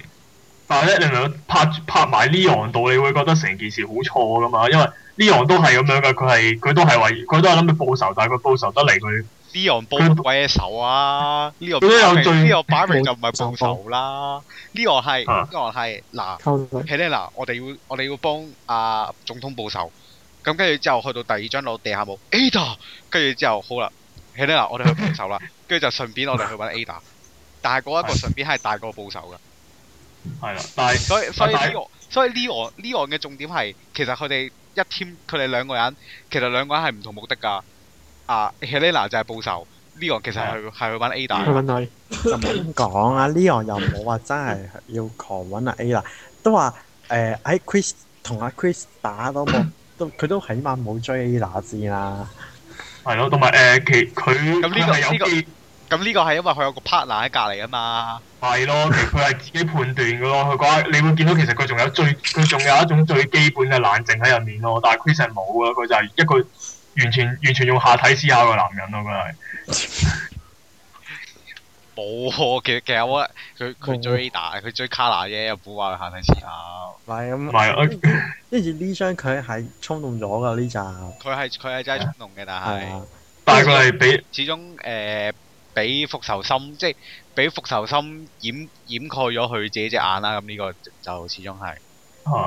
但係咧，你咪拍拍埋呢行度，你會覺得成件事好錯噶嘛？因為呢行都係咁樣噶，佢係佢都係為佢都係諗佢報仇，但係佢報仇得嚟佢。Leon 報鬼嘅仇啊！呢個擺明就唔係報仇啦。Leon 係，Leon 係，嗱，Helena，我哋要我哋要幫阿總統報仇。咁跟住之後去到第二張攞地下冇 Ada，跟住之後好啦，Helena，我哋去報仇啦。跟住就順便我哋去搵 Ada，但係嗰一個順便係大個報仇噶。係啦，所以所以呢個所以 Leon 呢個嘅重點係，其實佢哋一 team 佢哋兩個人，其實兩個人係唔同目的噶。啊、ah,，Helena 就係報仇，Leon 其實係係 Yeah. 去搵 Ada，唔好講啊呢 e 又冇話真係要狂搵阿 Ada，都話誒，阿、呃、Chris 同阿 Chris 打嗰幕，都佢 都起碼冇追 Ada 先啦，係咯，同埋誒，其佢佢係有咁呢、這個係、這個、因為佢有個 partner 喺隔籬啊嘛，係咯， 其實佢係自己判斷噶咯，佢講，你會見到其實佢仲有最，佢仲有一種最基本嘅冷靜喺入面咯，但係 Chris 係冇啊，佢就係一個。完全完全用下體思考嘅男人咯、啊，佢係冇，其實其實我覺得佢佢追打，佢追卡拿啫，又唔好話佢下體思考。唔係咁，唔係跟住呢張佢係衝動咗噶呢集。佢係佢係真係衝動嘅，但係但係佢係比始終誒、呃、比復仇心，即係比復仇心掩掩蓋咗佢自己隻眼啦。咁、這、呢個就，就，就，就，就，就始終係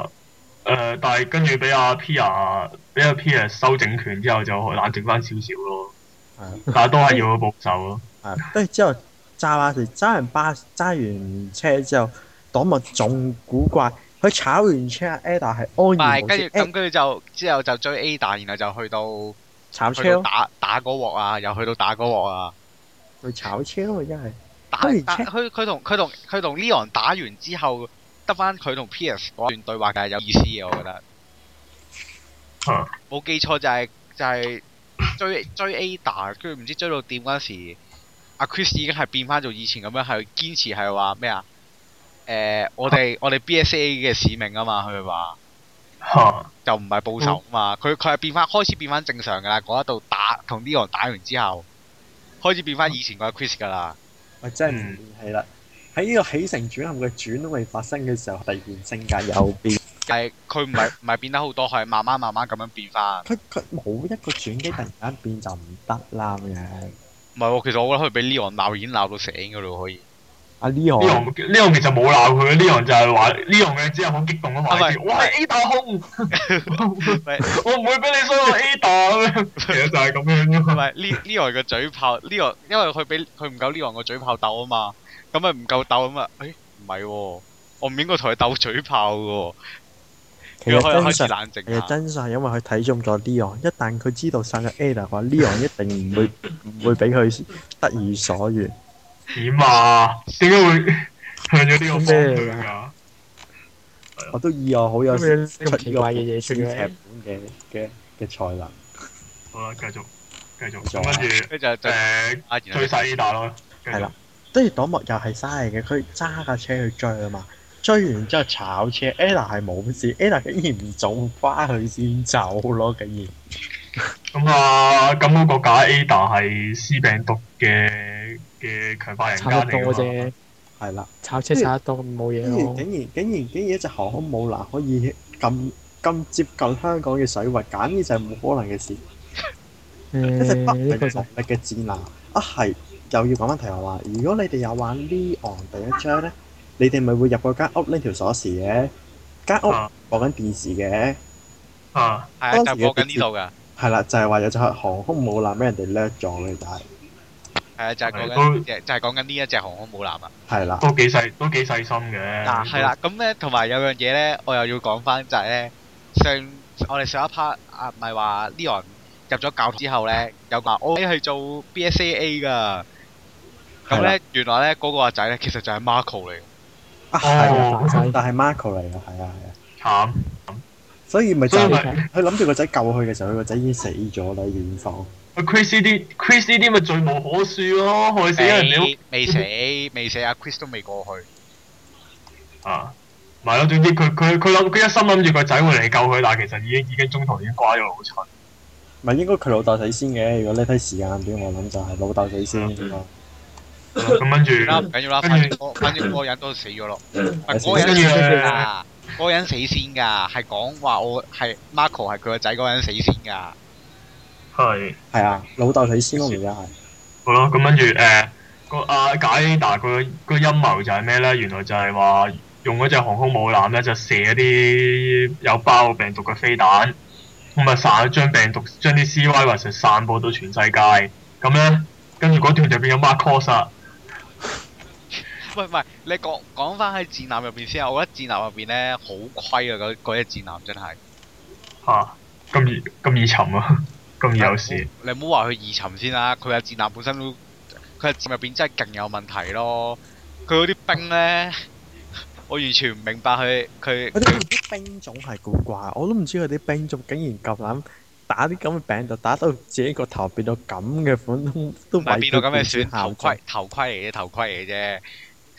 嚇。 誒、呃，但係跟住俾阿 P ia，啊，俾阿 P 啊收整權之後就冷靜翻少少咯， 但都係要個步驟咯。誒，跟住之後揸巴士，揸完巴，揸完車之後，黨物仲古怪，佢炒完車 Ada 係安然無恙，咁跟住就之後就追 Ada，然後就去到炒車、哦到打，打打嗰鑊啊，又去到打嗰鑊啊，去炒車、啊、真係。打完車，佢佢同佢同佢同 Leon 打完之後。得翻佢同 Piers 嗰段對話梗係有意思嘅，我覺得。冇記錯就係、是、就係、是、追追 Ada，跟唔知追到點嗰時，阿 Chris 已經係變翻做以前咁樣，係堅持係話咩啊？誒，我哋我哋 B.S.A. 嘅使命啊嘛，佢話，啊、就唔係報仇啊嘛。佢佢係變翻開始變翻正常噶啦，嗰一度打同呢個人打完之後，開始變翻以前嗰個 Chris 噶啦。我真係唔係啦。嗯喺呢個起承轉合嘅轉都未發生嘅時候，突然性格又變，但係佢唔係唔係變得好多，係慢慢慢慢咁樣變翻。佢佢冇一個轉機，突然間變就唔得啦，咁樣。唔係，其實我覺得佢俾 Leon 鬧，已經鬧到醒噶啦，可以。阿 Leon，Leon 其實冇鬧佢，Leon 就係話 Leon 嘅只係好激動啊嘛，我係 Ada 控我唔會俾你衰到 Ada 咁樣。其實就係咁樣。唔係，呢呢個嘅嘴炮，Leon 因為佢俾佢唔夠 Leon 個嘴炮鬥啊嘛。咁咪唔夠鬥咁啊？誒，唔係，我唔應該同佢鬥嘴炮嘅。其實真實，其實真實係因為佢睇中咗 Leon，一旦佢知道殺咗 Ada 嘅話，Leon 一定唔會唔會俾佢得如所願。點啊？點解會向咗呢個方向啊？我都以為好有出意外嘅嘢出嘅。劇本嘅嘅嘅才能。好啦，繼續，繼續。咁跟住，跟住就追殺 Ada 咯。係啦。跟住黨默又係嘥嚟嘅，佢揸架車去追啊嘛，追完之後炒車。Ada 係冇事，Ada 竟然唔早翻去先走咯，竟然。咁啊，咁我覺得 Ada 係 C 病毒嘅嘅強化人間多啫。係啦。炒車炒得多冇嘢。竟然竟然竟然竟然一隻航空母艦可以咁咁接近香港嘅水域，簡直就係冇可能嘅事。一隻北極狼嘅戰艦啊係。又要講翻題，我話：如果你哋有玩 Leon 第一張咧，你哋咪會入嗰間屋拎條鎖匙嘅間屋，播緊電視嘅啊，係啊，就播緊呢度噶，係啦，就係話有隻航空母艦俾人哋掠咗你睇，但係係啊，就係講緊，就係講緊呢一隻航空母艦啊，係啦，都幾細，都幾細心嘅嗱，係啦，咁咧，同埋有樣嘢咧，我又要講翻，就係咧上我哋上一 part 啊，唔係話 Leon 入咗教之後咧，有個 O A 係做 B S A A 噶。咁咧，嗯嗯、原來咧，嗰個阿仔咧，其實就係 Marco 嚟啊，係、哦、 但係 Marco 嚟啊，係啊係啊，慘、嗯。所以咪即係佢諗住個仔救佢嘅時候，佢個仔已經死咗啦，遠方。阿 Chris 啲 Chris 啲咪罪無可恕咯、啊，害死人了。未沒死，未死，啊 Chris 都未過去啊。咪咯，總之佢佢佢諗，佢一心諗住個仔會嚟救佢，但其實已經已經中途已經瓜咗，好蠢。咪應該佢老豆死先嘅。如果呢批時間短，我諗就係老豆死先。 咁、嗯、跟住，唔緊要啦。跟着反正反正嗰個人都死咗咯。嗰個人死先噶，嗰個人死先噶，係講話我係 Marco 係佢個仔，嗰個人死先噶。係係啊，老豆死先咯，而家係。好咯，咁跟住誒個阿解達個個陰謀就係咩咧？原來就係話用嗰隻航空母艦咧，就射一啲有包病毒嘅飛彈，咁啊散將病毒將啲 C Y 或成散播到全世界。咁咧，跟住嗰段就變咗 Marco 唔係唔係，你講講翻喺戰艦入邊先啊！我覺得戰艦入邊咧好虧啊，嗰嗰隻戰艦真係吓咁易咁易沉啊！咁有事，你唔好話佢易沉先啦。佢係戰艦本身都，佢係戰艦入邊真係勁有問題咯。佢嗰啲兵咧，我完全唔明白佢佢啲兵種係古怪，我都唔知佢啲兵種竟然咁諗打啲咁嘅餅就打到自己個頭變到咁嘅款都唔但係變到咁嘅款頭盔頭盔嚟嘅，頭盔嚟嘅啫。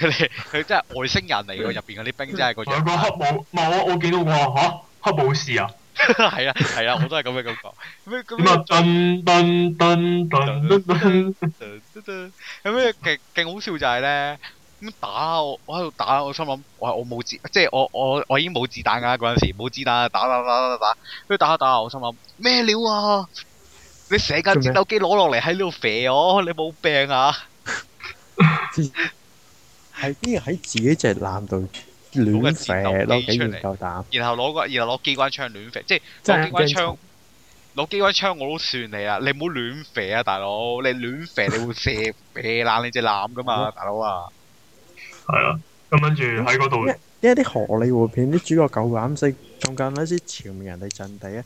佢 真係外星人嚟噶，入邊嗰啲兵真係嗰種。兩個黑帽冇我見到過啊，吓黑武士啊，係 啊係啊，我都係咁嘅感覺。咩有咩勁勁好笑就係咧，咁 笑笑打我，我喺度打，我心諗我我冇子，即係我我我已經冇子彈噶嗰陣時，冇子彈打、啊、打打打打，跟住打打打，打我心諗咩料啊？你成架戰鬥機攞落嚟喺呢度射我，你冇病啊？ 係邊個喺自己隻艦度亂射咯，機幾唔夠膽？然後攞個，然後攞機關槍亂射，即係攞機關槍。攞的機，機關槍我都算你啊！你唔好亂射啊，大佬！你亂射，你會射 射爛你隻艦噶嘛，大佬啊！係啊，咁跟住喺嗰度，呢為啲荷里活片啲 主角夠膽，先仲敢攞啲前面人哋陣地啊！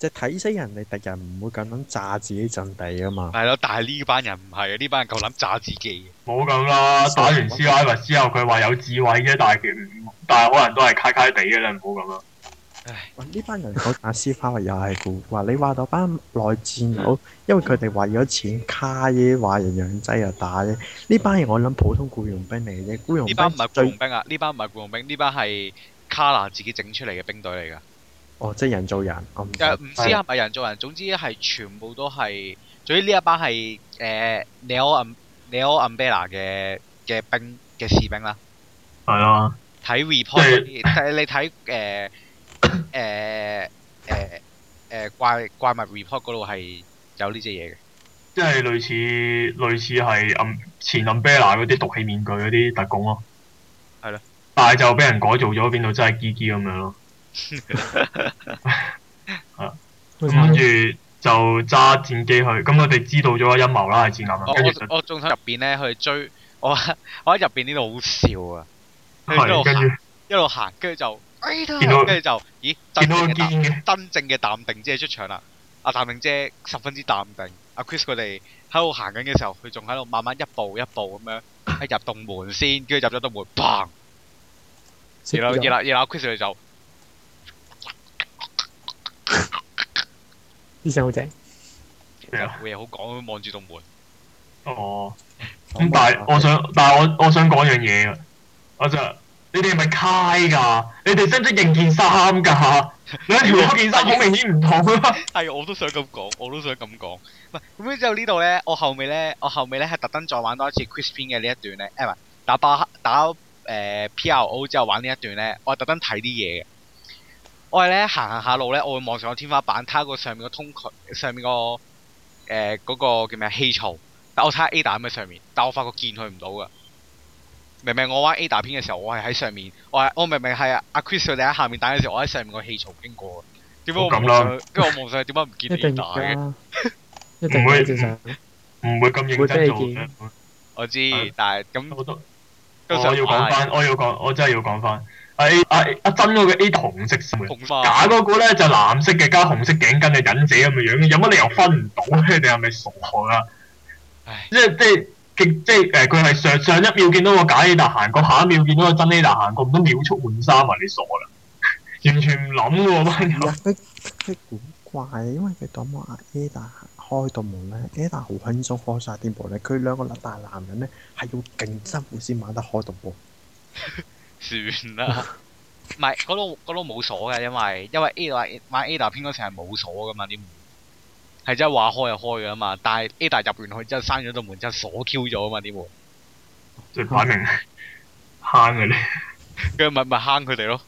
即係睇死人，你敵人唔會咁諗炸自己陣地噶嘛？係咯，但係呢班人唔係，呢班人夠膽炸自己。冇咁啦，打完 C.I. 之後佢話有智慧啫，但係 但係可能都係卡卡地嘅啦，唔好咁啦。唉，呢班人 打 C.I. 又係，話你話到班內戰友， 因為佢哋為咗錢卡啫，話人養仔又打啫。呢班人我諗普通僱傭兵嚟嘅啫，僱傭兵，兵。呢最班唔係僱傭兵啊，呢班唔係僱傭兵，呢班係卡蘭自己整出嚟嘅兵隊嚟噶。哦，即係人造人，又唔知係咪人造人，是總之係全部都係，總之呢一班係誒、呃、Neo Umbrella 嘅嘅兵嘅士兵啦。係啊，睇 report，睇你睇誒誒誒誒怪怪物 report 嗰度係有呢隻嘢嘅，即係類似類似係暗前 Umbrella 嗰啲毒氣面具嗰啲特工咯。係咯，但係就俾人改造咗，變到真係 Gigi 咁樣咯。跟住就揸戰機去。咁我哋知道咗個陰謀啦，係我仲喺入邊呢，佢追我，我喺入邊呢度好笑啊！喺度行，一路行，跟住就跟住就咦？見到嘅淡，真正嘅淡定姐出場啦！阿淡定姐十分之淡定。阿 Chris 佢哋喺度行緊嘅時候，佢仲喺度慢慢一步一步咁樣，喺入洞門先，跟住入咗洞門，砰！然後然後然後 Chris 佢就。啲相好正，好嘢好講，望住棟門。哦。咁但係，嗯、我想，但係我，我想講樣嘢啊。阿 Sir，你哋係咪卡噶？你哋識唔識認件衫噶？你一條件衫好明顯唔同啊。係，我都想咁講，我都想咁講。唔咁之後呢度咧，我後尾咧，我後尾咧係特登再玩多一次 Chrispin 嘅呢一段咧。誒打爆打誒、呃、Pro 之後玩呢一段咧，我係特登睇啲嘢。我係咧行行下路咧，我會望上個天花板，睇下個上面個通渠上面個誒嗰個叫咩氣槽。但我睇下 Ada 喺上面，但我發覺見佢唔到噶。明明我玩 Ada 片嘅時候，我係喺上面，我係我明明係阿、啊、Chris 佢哋喺下面打嘅時候，我喺上面個氣槽經過。點解咁啦，跟住我望上去，點解唔見 Ada 嘅？唔 會正常，唔會咁認真做。嗯、我知，但係咁我都，都我要講翻，我要講，我真係要講翻。 阿阿、哎啊、真嗰個 A 紅色，假嗰個咧就是、藍色嘅加紅色頸巾嘅忍者咁嘅樣，有乜理由分唔到咧？你係咪傻啦唉？即係即係即係誒，佢係上上一秒見到個假的 A 達行過，下一秒見到個真 A 達行過，咁都秒速換衫啊！你傻啦， 完全唔諗噶。佢佢古怪，因為佢講話 A 達開道門咧 ，A 達好輕鬆開晒啲門咧，佢兩個粒大男人咧係要勁辛苦先玩得開到。 算啦，唔係嗰度嗰度冇鎖嘅，因為因為 Ada 買 Ada 編嗰時係冇鎖噶嘛，啲門係即係話開就開噶嘛，但係 Ada 入完去之後閂咗道門之後鎖 Q 咗啊嘛，啲門即係反名坑佢，跟住咪咪坑佢哋咯。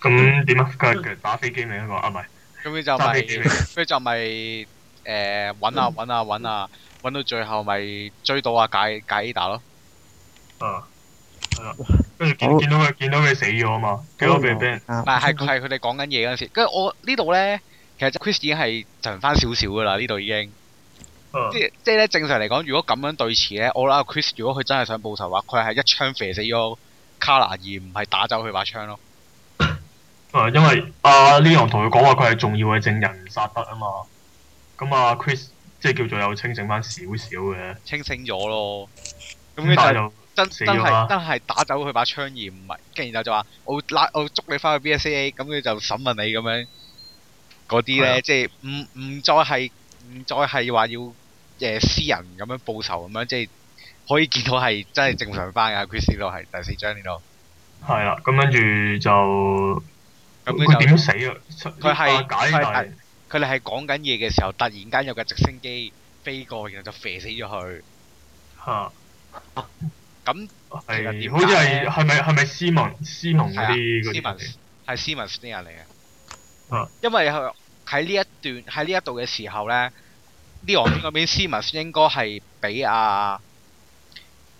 咁點、 就是就是就是、啊？佢佢打飛機名啊？個啊唔係，咁你就咪，咁你就咪誒，搵啊搵啊搵啊，搵、啊、到最後咪追到啊解解 Ada 咯。啊，係啦、uh, yeah. 好，跟住見見到佢見到佢死咗啊嘛，見到 B B，但係係佢係佢哋講緊嘢嗰陣時，跟住我呢度咧，其實 Chris 已經係沉翻少少噶啦，呢度已經，uh, 即即咧正常嚟講，如果咁樣對峙咧，我諗啊 Chris 如果佢真係想報仇嘅話，佢係一槍射死咗 Carla 而唔係打走佢把槍咯。誒，uh, 因為阿、uh, Leon 同佢講話佢係重要嘅證人，殺得啊嘛，咁啊 Chris 即係叫做有清醒翻少少嘅，點點清醒咗咯，咁呢係就。真真係真係打走佢把槍而唔係，跟然後就話我拉我捉你翻去 BSAA，咁佢就審問你咁樣嗰啲咧，呢的即係唔唔再係唔再係話要誒、呃、私人咁樣報仇咁樣，即係可以見到係真係正常翻噶。Chris 呢度係第四章呢度。係啦，咁跟住就咁佢就，點死是啊？佢係佢哋係講緊嘢嘅時候，突然間有架直升機飛過，然後就射死咗佢。吓！ 咁係，好似係係咪係咪斯文斯文嗰啲嗰啲？係斯文斯啲人嚟嘅。啊、因為喺呢一段喺呢一度嘅時候咧，呢行邊嗰邊斯文應該係俾啊，誒、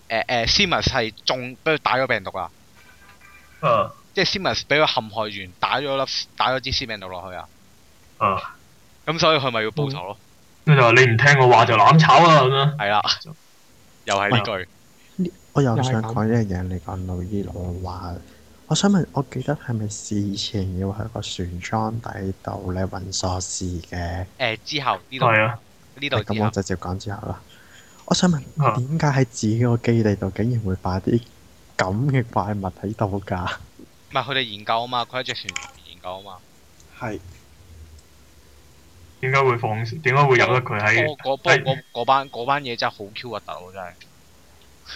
呃、誒、呃、斯文係中俾佢打咗病毒啊！即係斯文俾佢陷害完，打咗粒打咗支斯病毒落去啊！咁所以佢咪要報仇咯？跟住就、嗯、你唔聽我話就攬炒啦咁啊！係啦、啊，又係呢句。 我又想講一樣嘢，你講老依羅話，我想問，我記得係咪事前要喺個船艙底度咧運鎖匙嘅？誒，之後呢度，呢度。咁我直接講之後啦。我想問，點解喺自己個基地度竟然會擺啲咁嘅怪物喺度噶？唔係佢哋研究啊嘛，佢喺隻船研究啊嘛。係。點解會放？點解會有得佢喺？不嗰班班嘢真係好 Q 核突喎，真係。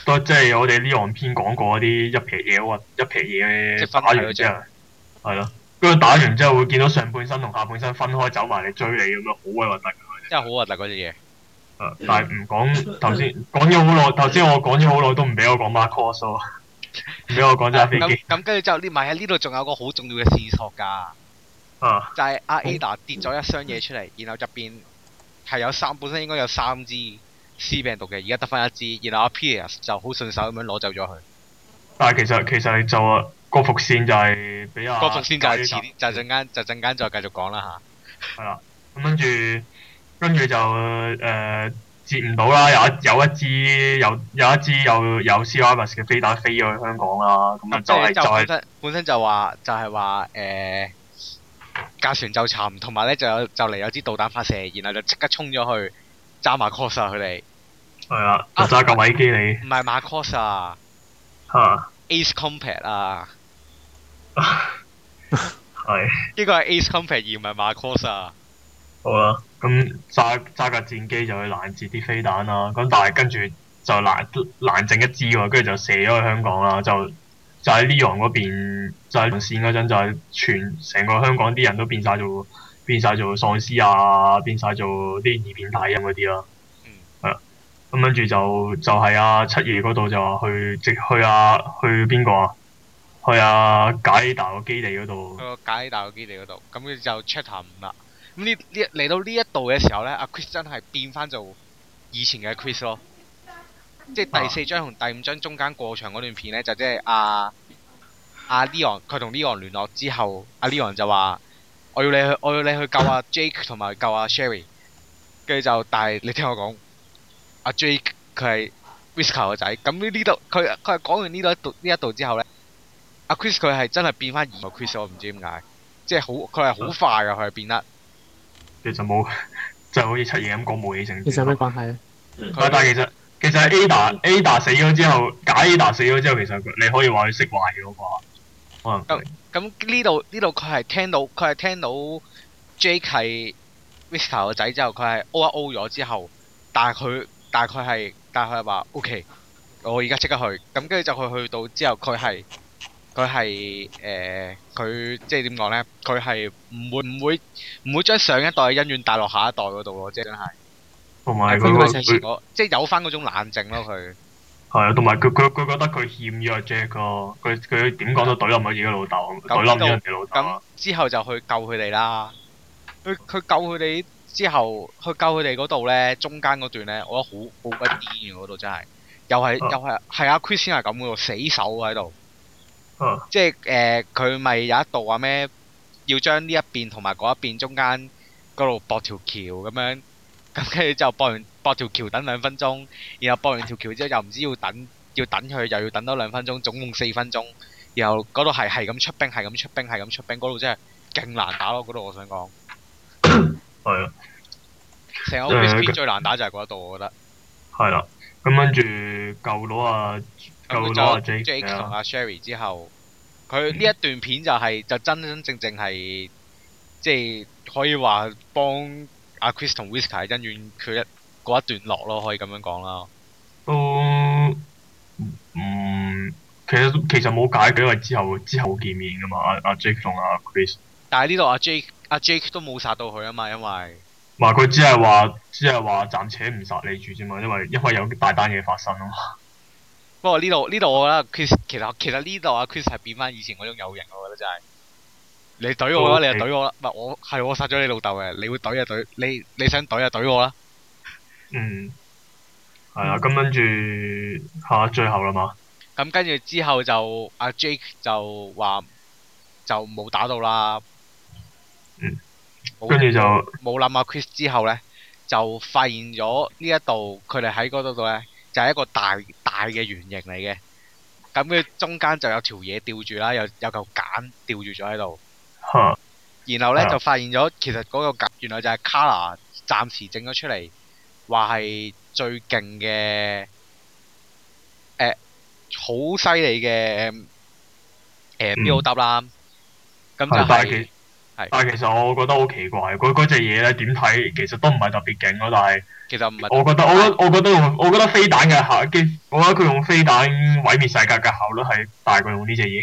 都即係我哋呢行片講過嗰啲一撇嘢屈一撇嘢打完之後，係咯，跟住打完之後會見到上半身同下半身分開走埋嚟追你咁樣，好鬼核突。真係好核突嗰隻嘢。但係唔講頭先講咗好耐，頭先我講咗好耐都唔俾我講 Macross，唔、啊、俾我講真係飛機。咁跟住之後呢？唔係呢度仲有個好重要嘅線索噶。啊、就係阿 Ada 跌咗一箱嘢出嚟，然後入邊係有三，本身應該有三支。C 病毒嘅，而家得翻一支，然後 Piers 就好順手咁樣攞走咗佢。但係其實其實就啊，個伏線就係俾啊，線就係遲啲就係陣間就陣間再繼續講啦吓。係啦，咁跟住跟住就誒接唔到啦，有，有一有一，有，有一支有有一支有有 C virus 嘅飛彈飛咗去香港啦，咁、嗯、就係就係、是、本，本身就話就係話誒，架、呃、船就沉，同埋咧就有就嚟有，就有，就有支導彈發射，然後就即刻衝咗去。揸埋 Macross 啊，佢哋係啊，揸架位機你，唔係馬 Macross 啊，吓 Ace Combat 啊，係呢個係 Ace Combat 而唔係馬 Macross 啊。好啊，咁揸揸架戰機就去攔截啲飛彈啦。咁但係跟住就攔攔剩一支喎，跟住就射咗去香港啦。就就喺 Leon 嗰邊，就喺、是、線嗰陣，就係、是、全成個香港啲人都變晒咗喎。變晒做喪屍啊！變晒做啲二變太音嗰啲咯，係啦、嗯，咁跟住就就係阿、啊、七爺嗰度就話去直去啊，去邊個啊？去啊，賈里達個基地嗰度。去賈里達個基地嗰度，咁跟住就 check 下探啦。咁呢呢嚟到呢一度嘅時候咧，阿、啊、Chris 真係變翻做以前嘅 Chris 咯。即係第四張同第五張中間過場嗰段片咧，啊、就即係阿、啊、阿、啊、Leon 佢同 Leon 聯絡之後，阿、啊、Leon 就話。我要你去，我要你去救阿、啊、Jake 同埋救阿、啊、Sherry，跟住就，但係你聽我講，阿、啊、Jake 佢係 Wesker 個仔，咁呢呢度佢佢講完呢度呢一度之後咧，阿、啊、Chris 佢係真係變翻二，阿 Chris 我唔知點解，即係好佢係好快噶佢係變得，其實冇 就好似出現咁講冇起性。其實有咩關係咧？佢但係其實其實 Ada Ada 死咗之後，假 Ada 死咗之後，其實佢你可以話佢識壞咗啩？可能、嗯。嗯咁呢度呢度佢係聽到佢係聽到 Jake 係 Vista 個仔之後，佢係 O 一 O 咗之後，但係佢大概係但係佢話：O.K. 我而家即刻去。咁跟住就佢去到之後，佢係佢係誒佢即係點講呢？佢係唔會唔會唔會將上一代嘅恩怨帶落下一代嗰度咯，即係真係同埋佢即係有翻嗰種冷靜咯，佢。係啊，同埋佢佢佢覺得佢欠咗阿 Jack 咯、啊，佢佢點講都懟冧佢自己老豆，懟冧咗自己老豆。咁、嗯嗯、之後就去救佢哋啦。佢去救佢哋之後，去救佢哋嗰度咧，中間嗰段咧，我覺得好好鬼癲嘅嗰度真係，又係、啊、又係係阿 Chris 先係咁喎，死守喺度。啊、即係誒，佢、呃、咪有一度話咩？要將呢一邊同埋嗰一邊中間嗰度駁條橋咁樣。咁跟住就，博完博條橋等兩分鐘，然後博完條橋之後，又唔知要等要等佢，又要等多兩分鐘，總共四分鐘。然後嗰度係係咁出兵，係咁出兵，係咁出兵，嗰度真係勁難打咯！嗰度我想講，係啊，成個 obsp 最難打就係嗰度，我覺得。係啦，咁跟住救咗啊救咗啊 J 同啊 Sherry 之後，佢呢一段片就係就真真正正係即係可以話幫。阿 Chris 同 Whisker 嘅恩怨，佢一嗰一段落咯，可以咁樣講啦。都，uh, 嗯，其實其實冇解決，因為之後之後冇見面噶嘛。阿阿 Jack 同阿 Chris，但係呢度阿 Jack 阿 Jack 都冇殺到佢啊嘛，因為、啊，話佢只係話只係話暫且唔殺你住啫嘛，因為因為有大單嘢發生啊嘛。不過呢度呢度我覺得 Chris 其實其實呢度阿 Chris 係變翻以前嗰種友型，我覺得、啊 Chris, 啊、真係。你懟我啦！Okay. 你就懟我啦！唔係我係我殺咗你老豆嘅，你會懟就懟，你你想懟就懟我啦。嗯，係、嗯、啊，咁跟住吓最後啦嘛。咁、嗯、跟住之後就阿、啊、Jake 就話就冇打到啦。嗯、跟住就冇諗阿 Chris 之後咧，就發現咗呢一度佢哋喺嗰度度咧，就係、是、一個大大嘅圓形嚟嘅。咁嘅中間就有條嘢吊住啦，有有嚿簡吊住咗喺度。然後咧、啊、就發現咗，其實嗰、那個感原來就係卡娜暫時整咗出嚟，話係最勁嘅，誒、呃，好犀利嘅，誒，B.O. 搭啦，咁、嗯、就係、是、係。但係其，是其實我覺得好奇怪，嗰嗰隻嘢咧點睇，其實都唔係特別勁咯。但係其實唔係，我覺得，我我我覺得，我覺得飛彈嘅效，我覺得佢用飛彈毀滅世界嘅效率係大過用呢隻嘢。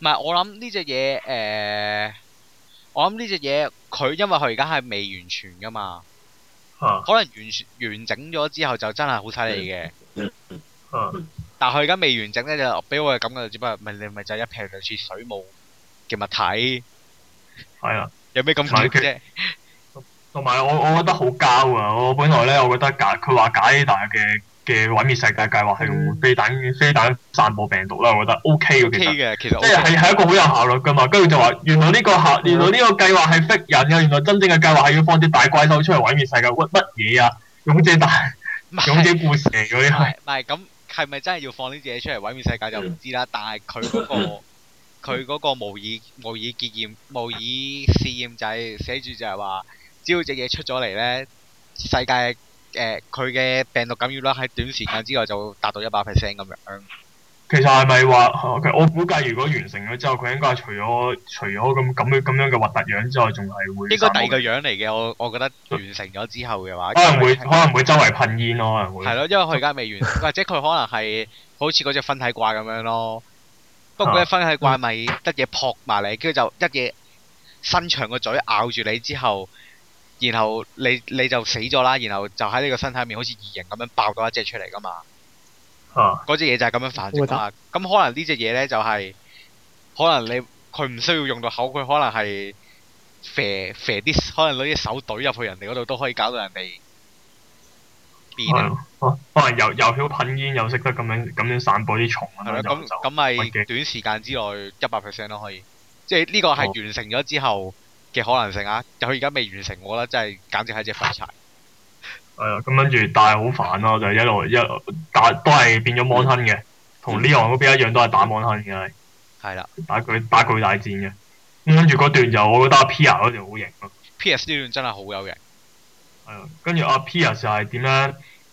唔係，我諗呢隻嘢，誒、呃，我諗呢隻嘢，佢因為佢而家係未完全噶嘛，啊、可能完全完整咗之後就真係好犀利嘅。嗯啊、但係佢而家未完整咧就俾我嘅感覺，只不過唔係你咪就係一撇類似水霧嘅物體，係啊， 有咩咁解啫？同埋 我我覺得好膠啊！我本來咧，我覺得解佢話解大嘅。嘅毀滅世界計劃係用飛彈飛、嗯、彈散播病毒啦，我覺得 O K 嘅，其實、okay、即係一個好有效率嘅嘛。跟住就話，原來呢個下、嗯、原來呢個計劃係 fake 人嘅，原來真正嘅計劃係要放啲大怪獸出嚟毀滅世界。乜嘢啊？勇者大勇者故事嚟嗰啲係咪咁係咪真係要放呢隻嘢出嚟毀滅世界就唔知啦。嗯、但係佢嗰個佢嗰 個模擬模擬結驗模擬試驗就係寫住就係話，只要隻嘢出咗嚟咧，世界。誒，佢嘅、呃、病毒感染啦，喺短時間之內就達到一百 percent 咁樣。其實係咪話？我估計如果完成咗之後，佢應該係除咗除咗咁咁嘅咁樣嘅核突樣之外，仲係會應該第二個樣嚟嘅。我我覺得完成咗之後嘅話，可能會可能會周圍噴煙咯，可能會係咯，因為佢而家未完，或者佢可能係好似嗰隻分體怪咁樣咯。不過嗰隻分體怪咪得嘢撲埋嚟，跟住就,、嗯、就一嘢伸長個嘴咬住你之後。然後你你就死咗啦，然後就喺你個身體入面好似異形咁樣爆咗一隻出嚟噶嘛。嗰隻嘢就係咁樣繁殖啊。咁可能呢隻嘢呢，就係，可能你佢唔需要用到口，佢可能係，肥肥啲，可能攞啲手懟入去人哋嗰度都可以搞到人哋變。可能又又曉噴煙，又識得咁樣咁樣散播啲蟲。係咁咁咪短時間之內一百 percent 都可以，即係呢個係完成咗之後。嘅可能性啊！佢而家未完成，我覺得真係簡直係隻廢柴。係啊，咁跟住但係好煩咯，就一路一路打都係變咗魔吞嘅，同呢樣嗰邊一樣都係打魔吞嘅。係啦、嗯，打佢，打佢大戰嘅。咁跟住嗰段就我覺得阿 Piers 嗰段好型啊，Piers 呢段真係好有型、啊。係、哎、啊，啊，啊，跟住阿 Piers 就係點咧？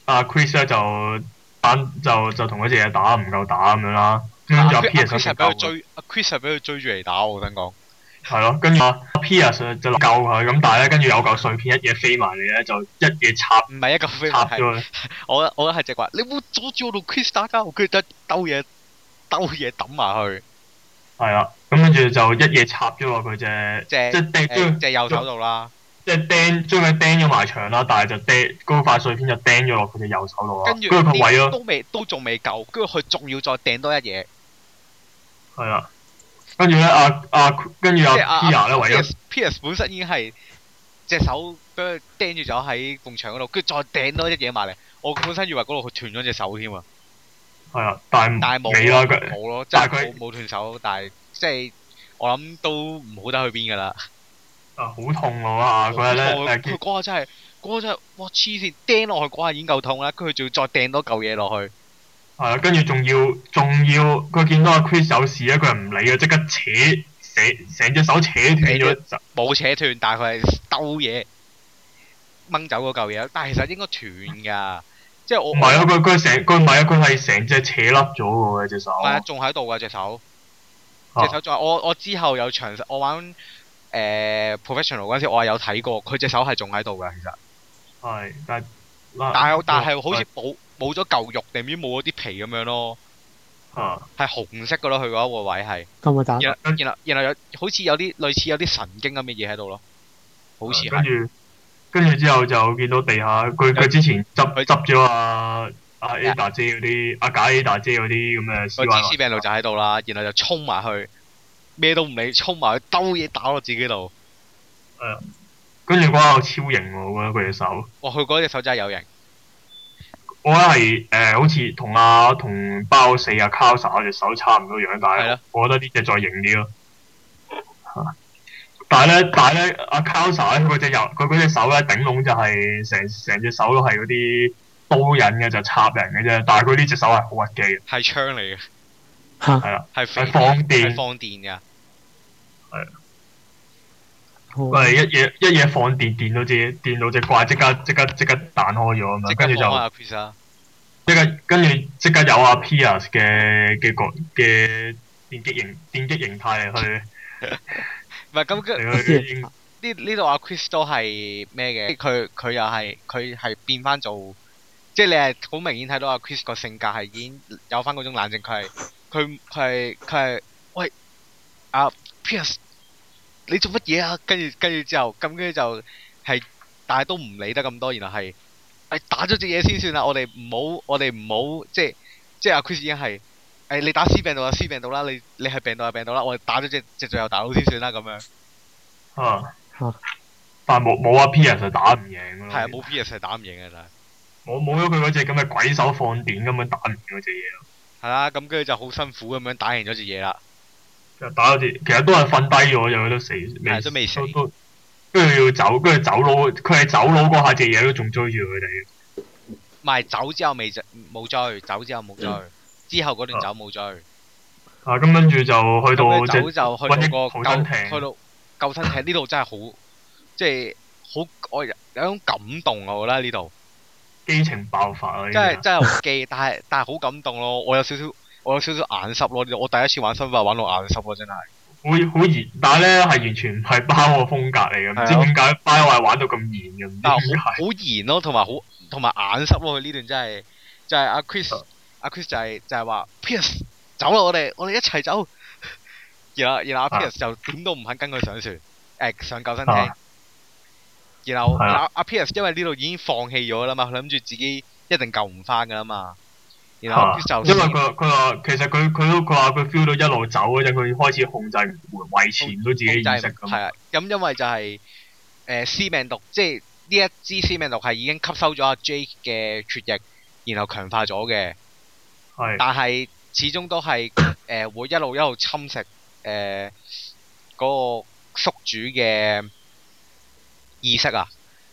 阿、啊、Chris 就就就同嗰隻嘢打唔夠打咁樣啦。阿 Chris 係俾佢追，阿、啊、Chris 係俾佢追住嚟、啊、打我。我等講。係咯，跟住啊 Piers 就救佢，咁但係咧，跟住有嚿碎片一嘢飛埋嚟咧，就一嘢插唔係一嚿飛插咗。我我係只怪你冇阻住我到 Crystal 我佢得兜嘢兜嘢抌埋去。係啊，咁跟住就一嘢插咗佢隻，即係釘將隻右手度啦，即係釘將佢釘咗埋牆啦，但係就釘嗰塊碎片就釘咗落佢隻右手度啦，跟住位咯都未都仲未夠，跟住佢仲要再掟多一嘢。係啊。跟住咧，阿阿跟住阿 Pierce 咧，為咗 Pierce 本身已經係隻手俾釘住咗喺埲牆嗰度，跟住再掟多一隻嘢埋嚟。我本身以為嗰度佢斷咗隻手添啊。係啊，但係冇尾拉腳，冇咯。但係佢冇斷手，但係即係我諗都唔好得去邊噶啦。啊，好痛咯啊！佢咧，佢嗰下真係嗰下真係哇黐線釘落去嗰下已經夠痛啦，跟住再再掟多嚿嘢落去。係，跟住仲要仲要，佢見到阿 Chris 有事咧，佢係唔理嘅，即刻扯成成隻手扯斷咗，冇扯斷，但係佢係兜嘢掹走嗰嚿嘢，但係其實應該斷噶，即係我唔係啊，佢佢成佢唔係啊，佢係成隻扯甩咗嘅隻手，係啊，仲喺度嘅隻手，隻手仲係、啊、我我之後有長我玩誒、呃、professional 嗰陣時，我係有睇過佢隻手係仲喺度嘅，其實係，但係、啊、但係、啊、好似冇。冇咗嚿肉，定唔知冇咗啲皮咁樣咯，啊，係紅色噶咯，佢嗰個位係，咁然後然後有好似有啲類似有啲神經咁嘅嘢喺度咯，好似，跟住跟住之後就見到地下，佢佢之前執執咗阿阿 a 大姐嗰啲，阿假 a 大姐嗰啲咁嘅，個芝士病毒就喺度啦，然後就衝埋去，咩都唔理，衝埋去兜嘢打落自己度，誒，跟住嗰下超型，我覺得佢隻手，哇，佢嗰隻手真係有型。我，呃啊、我覺得係好似同阿同包四阿 Klaus 隻手差唔多樣，但係我覺得呢隻再型啲咯。但係咧，但係咧，阿 Klaus 咧佢隻右佢嗰隻手咧頂籠就係成成隻手都係嗰啲刀刃嘅，就插人嘅啫。但係佢呢隻手係好核機，係槍嚟嘅，係啊，係放電，放電嘅。喂， 一嘢一嘢放電，電到隻電到隻怪即刻即刻即刻彈開咗啊嘛，跟住就即刻跟住即刻有阿、啊、Pierce 嘅嘅角嘅電擊型電擊形態嚟去。唔係咁，呢呢度阿 Chris 都係咩嘅？佢佢又係佢係變翻做，即、就、係、是、你係好明顯睇到阿、啊、Chris 個性格係已經有翻嗰種冷靜，佢係佢佢佢喂阿、啊、Pierce 你做乜嘢啊？跟住跟住之後，咁跟住就係，但係都唔理得咁多。然後係，誒打咗隻嘢先算啦。我哋唔好，我哋唔好，即係即係阿 Chris 已經係，誒你打 C 病毒啊，C 病毒啦、啊，你你係病毒啊，病毒啦、啊，我哋打咗只隻最後大佬先算啦咁樣、啊。但冇冇阿 P 人就打唔贏咯。係啊，冇 P 人就打唔贏嘅啦。我冇咗佢嗰隻咁嘅鬼手放電咁樣打唔到隻嘢咯。係啦、啊，咁跟住就好辛苦咁樣打贏咗隻嘢啦。其實打嗰隻，其實都係瞓低咗，就有得死，都未死。跟住要走，跟住走佬，佢係走佬嗰下隻嘢都仲追住佢哋。唔係走之後未，冇追。走之後冇追，之後嗰段走冇追。啊，咁跟住就去到就去到救生艇，呢度真係好，即係好，我有有種感動我覺得呢度，激情爆發。真係真係好激，但係但係好感動咯。我有少少。我有少少眼濕咯，我第一次玩新法玩到眼濕咯，真係。會好熱，但係咧係完全唔係包嘅風格嚟嘅，唔、嗯、知點解包我係玩到咁熱嘅。啊、嗯，好好熱咯，同埋好同埋眼濕咯，佢呢段真係就係阿 Chris，阿 Chris 就係、是、就係、是、話 Piers 走啦，我哋我哋一齊走 然。然後然後阿 Piers 就點都唔肯跟佢上船，誒、呃、上救生艇。啊、然後阿 Piers、啊啊啊、因為呢度已經放棄咗啦嘛，佢諗住自己一定救唔返噶啦嘛。係，就因為佢佢話其實佢佢都佢話佢 feel 到一路走嗰陣，佢開始控制唔到維持唔到自己意識咁。係啊，咁因為就係誒，C 病毒即係呢一支 C 病毒係已經吸收咗阿 Jake 嘅血液，然後強化咗嘅。係。但係始終都係誒，會一路一路侵蝕誒嗰個宿主嘅意識啊。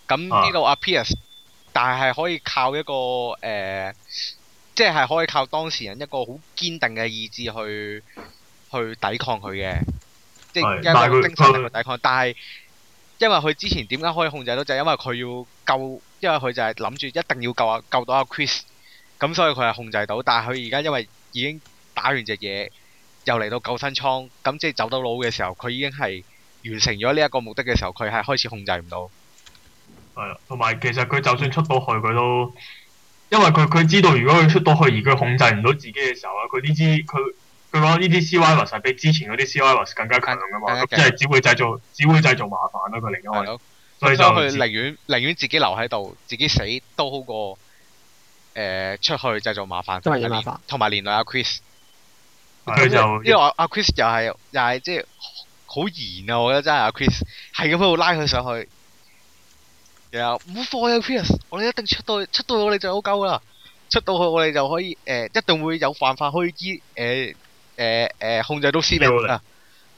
咁呢度阿 Piers 但係可以靠一個誒。即係可以靠當事人一個好堅定嘅意志去去抵抗佢嘅，即係一個精神力去抵抗。但係因為佢之前點解可以控制到，就係、是、因為佢要救，因為佢就係諗住一定要救下救到阿 Chris，咁所以佢係控制到。但係佢而家因為已經打完隻嘢，又嚟到救生艙，咁即係走到佬嘅時候，佢已經係完成咗呢一個目的嘅時候，佢係開始控制唔到。係啊，同埋其實佢就算出到去，佢都。因為佢佢知道如果佢出到去而佢控制唔到自己嘅時候啊，佢呢啲佢佢講呢啲 Cylars 比之前嗰啲 Cylars 更加強噶嘛，即係只會製造只會製造麻煩啦。佢嚟講，所以就寧願寧願自己留喺度，自己死都好過誒，出去製造麻煩，同埋連累阿 Chris，佢就因為阿 Chris 又係又係即係好嚴啊，我覺得真係阿 Chris 係咁喺度拉佢上去。又唔好放呀，Pierce！我哋一定出到出到去，我哋就好救啦。出到去，我哋就可以誒，一定會有辦法可以之誒誒誒控制到司令啦。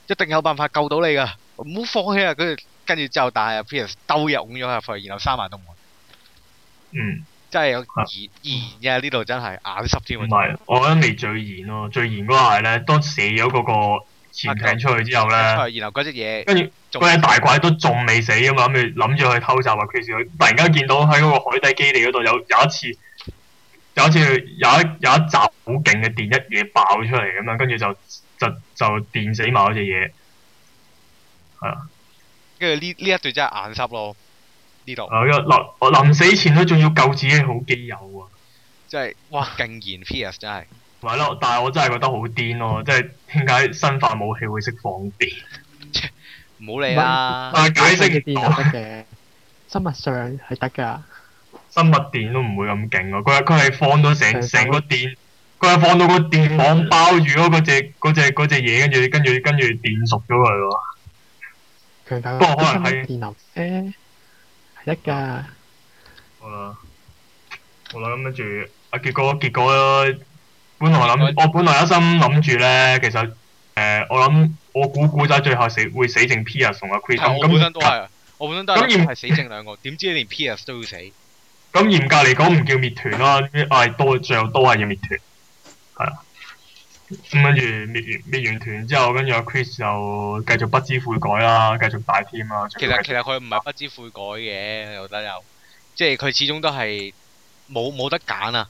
一定有辦法救到你噶，唔好放棄啊！跟住跟住之後，但係 Pierce 兜入咁樣入去，然後閂埋度門。嗯，真係有燃燃嘅呢度，真係眼濕添。唔係，我諗未最燃咯，最燃嗰個係咧當時有嗰個。潛艇出去之後咧，然後隻嘢，跟住嗰隻大怪都仲未死啊嘛，諗住諗住去偷襲啊。Pierce 突然間見到喺嗰個海底基地嗰度有有一次，有一次有一有一集好勁嘅電一嘢爆出嚟咁樣，跟住就就就，就電死埋嗰隻嘢。係啊，跟住呢呢一段真係眼濕咯，呢度，啊。臨死前都仲要救自己好基友啊，就是，哇然 ce，真係，竟然 Pierce 真係。咪咯，但係我真係覺得好癲咯，即係點解生化武器會識放電？唔好理啦。解釋啲乜嘅？ 生物上係得噶。生物電都唔會咁勁噶，佢係佢係放咗成成個電，佢係放到個電網包住嗰隻隻隻嘢，跟住跟住跟住電熟咗佢咯。不過可能係電流誒，係得㗎。好啦，好啦，咁跟住。啊，結果結果。本來諗，我本來一心諗住咧，其實誒、呃，我諗我估估仔最後死會死剩 Piers 同阿 Chris 咁。本身都係，我本身都係當然係死剩兩個。點知連 Piers 都要死？咁嚴格嚟講，唔叫滅團啦，誒，多最後都係要滅團，係啦、啊。咁跟住滅完滅完團之後，跟住阿 Chris 就繼續不知悔改啦、啊，繼續大添啦、啊。其實其實佢唔係不知悔改嘅，又得又，即係佢始終都係冇冇得揀啊。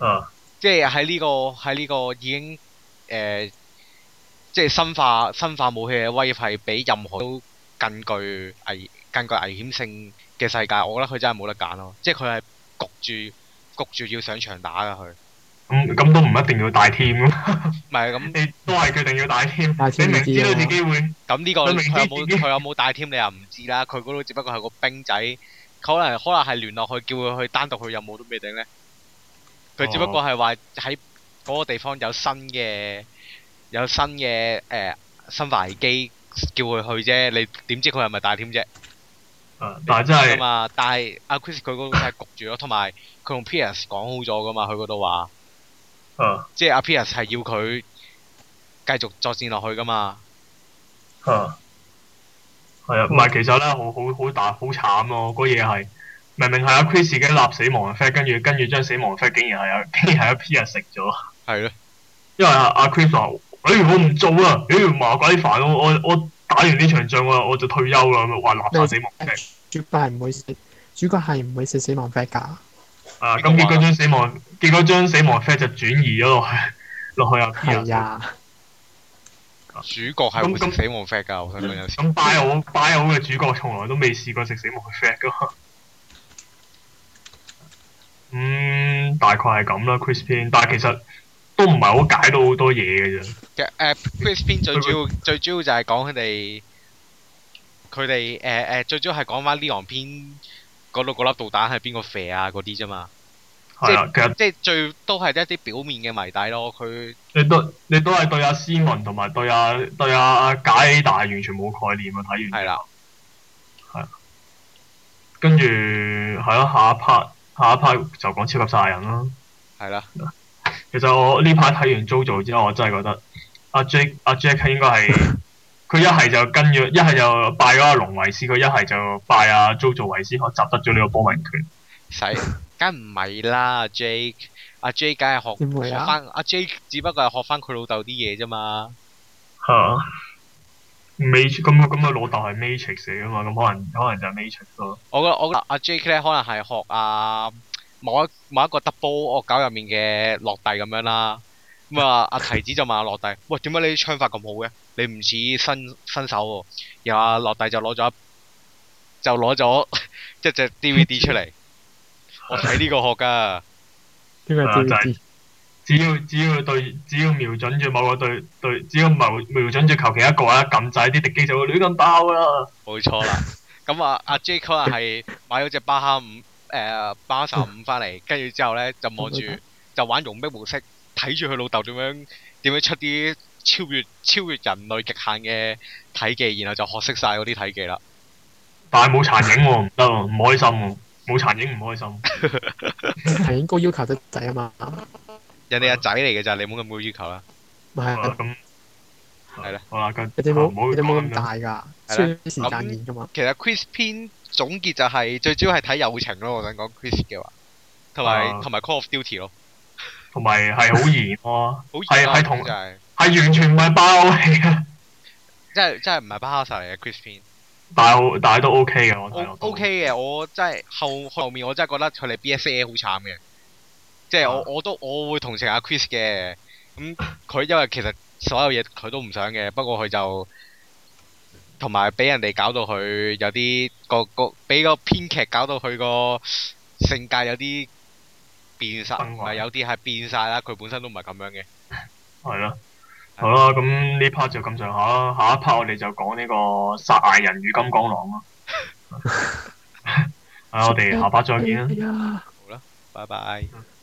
嗯。Uh. 即係喺呢個喺呢個已經誒、呃，即係生化生化武器嘅威脅係比任何都更具危更具危險性嘅世界，我覺得佢真係冇得揀咯。即係佢係焗住焗住要上場打噶佢。咁咁、嗯、都唔一定要帶 team 咯。唔係咁， 你都係決定要帶 team。 你明知道自己會咁呢、 呢個佢 有冇佢有冇帶 team 你又唔知啦。佢嗰度只不過係個兵仔，可能可能係聯絡佢叫佢去單獨去任務都未定咧。佢只不過係話喺嗰個地方有新嘅有新嘅誒、呃、生化危機叫佢去啫，你點知佢係咪大添啫、啊？但係真係嘛？但係阿、啊、Chris 佢嗰個係焗住咯，同埋佢同 Pierce 講好咗噶嘛，佢嗰度話，啊、即係阿、啊、Pierce 係要佢繼續作戰落去噶嘛，啊啊、嗯，係啊，唔係其實咧，好好好大好慘咯，嗰嘢係。明明係阿 Chris 嘅立死亡 flag 跟住跟住，將死亡 flag 竟然係阿的，竟然係一 P 人食咗。係咯，因為阿、啊、阿、啊、Chris 話，哎，我唔做啦，哎，麻鬼煩，我我我打完呢場仗啊，我就退休啦，咪話立下死亡 flag。主角係唔會食，主角係唔會食死亡 flag 噶。啊，咁結果將死亡，結果將死亡 flag 就轉移咗落去，落去阿。係的啊。主角係唔食死亡 flag 噶，我想問咁 Byo Byo 嘅主角從來都未試過食死亡 flag 噶。嗯，大概係咁啦，Chrispin。Chris Pin，但係其實都唔係好解到好多嘢嘅啫。誒、啊、，Chrispin 最主要 最主要就係講佢哋佢哋誒誒，最主要係講翻呢行片嗰度嗰粒導彈係邊個射啊嗰啲啫嘛。係、啊、即其實即係最都係一啲表面嘅謎底咯。佢你都你都係對阿、啊、斯文同埋對阿、啊、對阿阿解大完全冇概念啊！睇完係啦，係跟住係咯，下一 part。下一派就講超級賽亞人咯，係啦的。其實我呢排睇完《JoJo 之後，我真係覺得阿 Jake 阿 Jake 啊 Jack 應該係佢一係就跟住，一係就拜阿龍為師，佢一係就拜阿 JoJo 為師，學習得咗呢個波文拳。使梗唔係啦，阿、啊、Jack 阿 Jake c 梗係學翻，阿、啊啊、Jack 只不過係學翻佢老豆啲嘢啫嘛。吓？ 咁啊咁啊老豆係 matrix 嚟啊嘛，咁可能可能就係 matrix 咯。我覺得我阿 Jack 咧可能係學啊某一某一個 double 惡搞入面嘅落地咁樣啦。咁啊阿提子就問阿落地，喂，點解你啲槍法咁好嘅？你唔似新新手喎、哦。然後落、啊、地就攞咗一就攞咗一,一隻 DVD 出嚟，我睇呢個學噶。呢個 d 只要只要對，只要瞄準住某個對對，只要瞄瞄準住求其一個一 啊，撳掣啲敵機就會亂咁爆啦。冇錯啦。咁啊，阿 J 可能係買咗隻巴哈五誒、呃，巴哈十五翻嚟，跟住之後咧就望住 就玩容壁模式，睇住佢老豆點樣點樣出啲超越 超越人類極限嘅體技，然後就學識晒嗰啲體技啦。 但係冇殘影喎、哦，唔得，唔開心，冇殘影唔開心。係應該要求得滯啊嘛。 人哋阿仔嚟嘅咋，你唔好咁高要求啦。唔係啊，咁係啦。你哋冇，你哋冇咁大噶，需要時間演噶嘛。其實 Chris Pine 總結就係最主要係睇友情咯，我想講 Chris 嘅話，同埋同埋 Call of Duty 咯。同埋係好嚴啊，係係同係完全唔係包戲啊，即係即係唔係包殺嚟嘅 Chris Pine。但係但係都 OK 嘅，我我 OK 嘅，我真係後後面我真係覺得佢哋 BSA 好慘嘅。即係我我都我會同情阿、啊、Chris 嘅，咁、嗯、佢因為其實所有嘢佢都唔想嘅，不過佢就同埋俾人哋搞到佢有啲個個俾個編劇搞到佢個性格有啲變晒壞，唔係有啲係變晒啦，佢本身都唔係咁樣嘅。係咯、啊， 好啦，咁呢 part 就咁上下啦，下一 part 我哋就講呢個殺人與金剛狼啦。 啊，我哋下 part 再見啦，好啦，拜拜。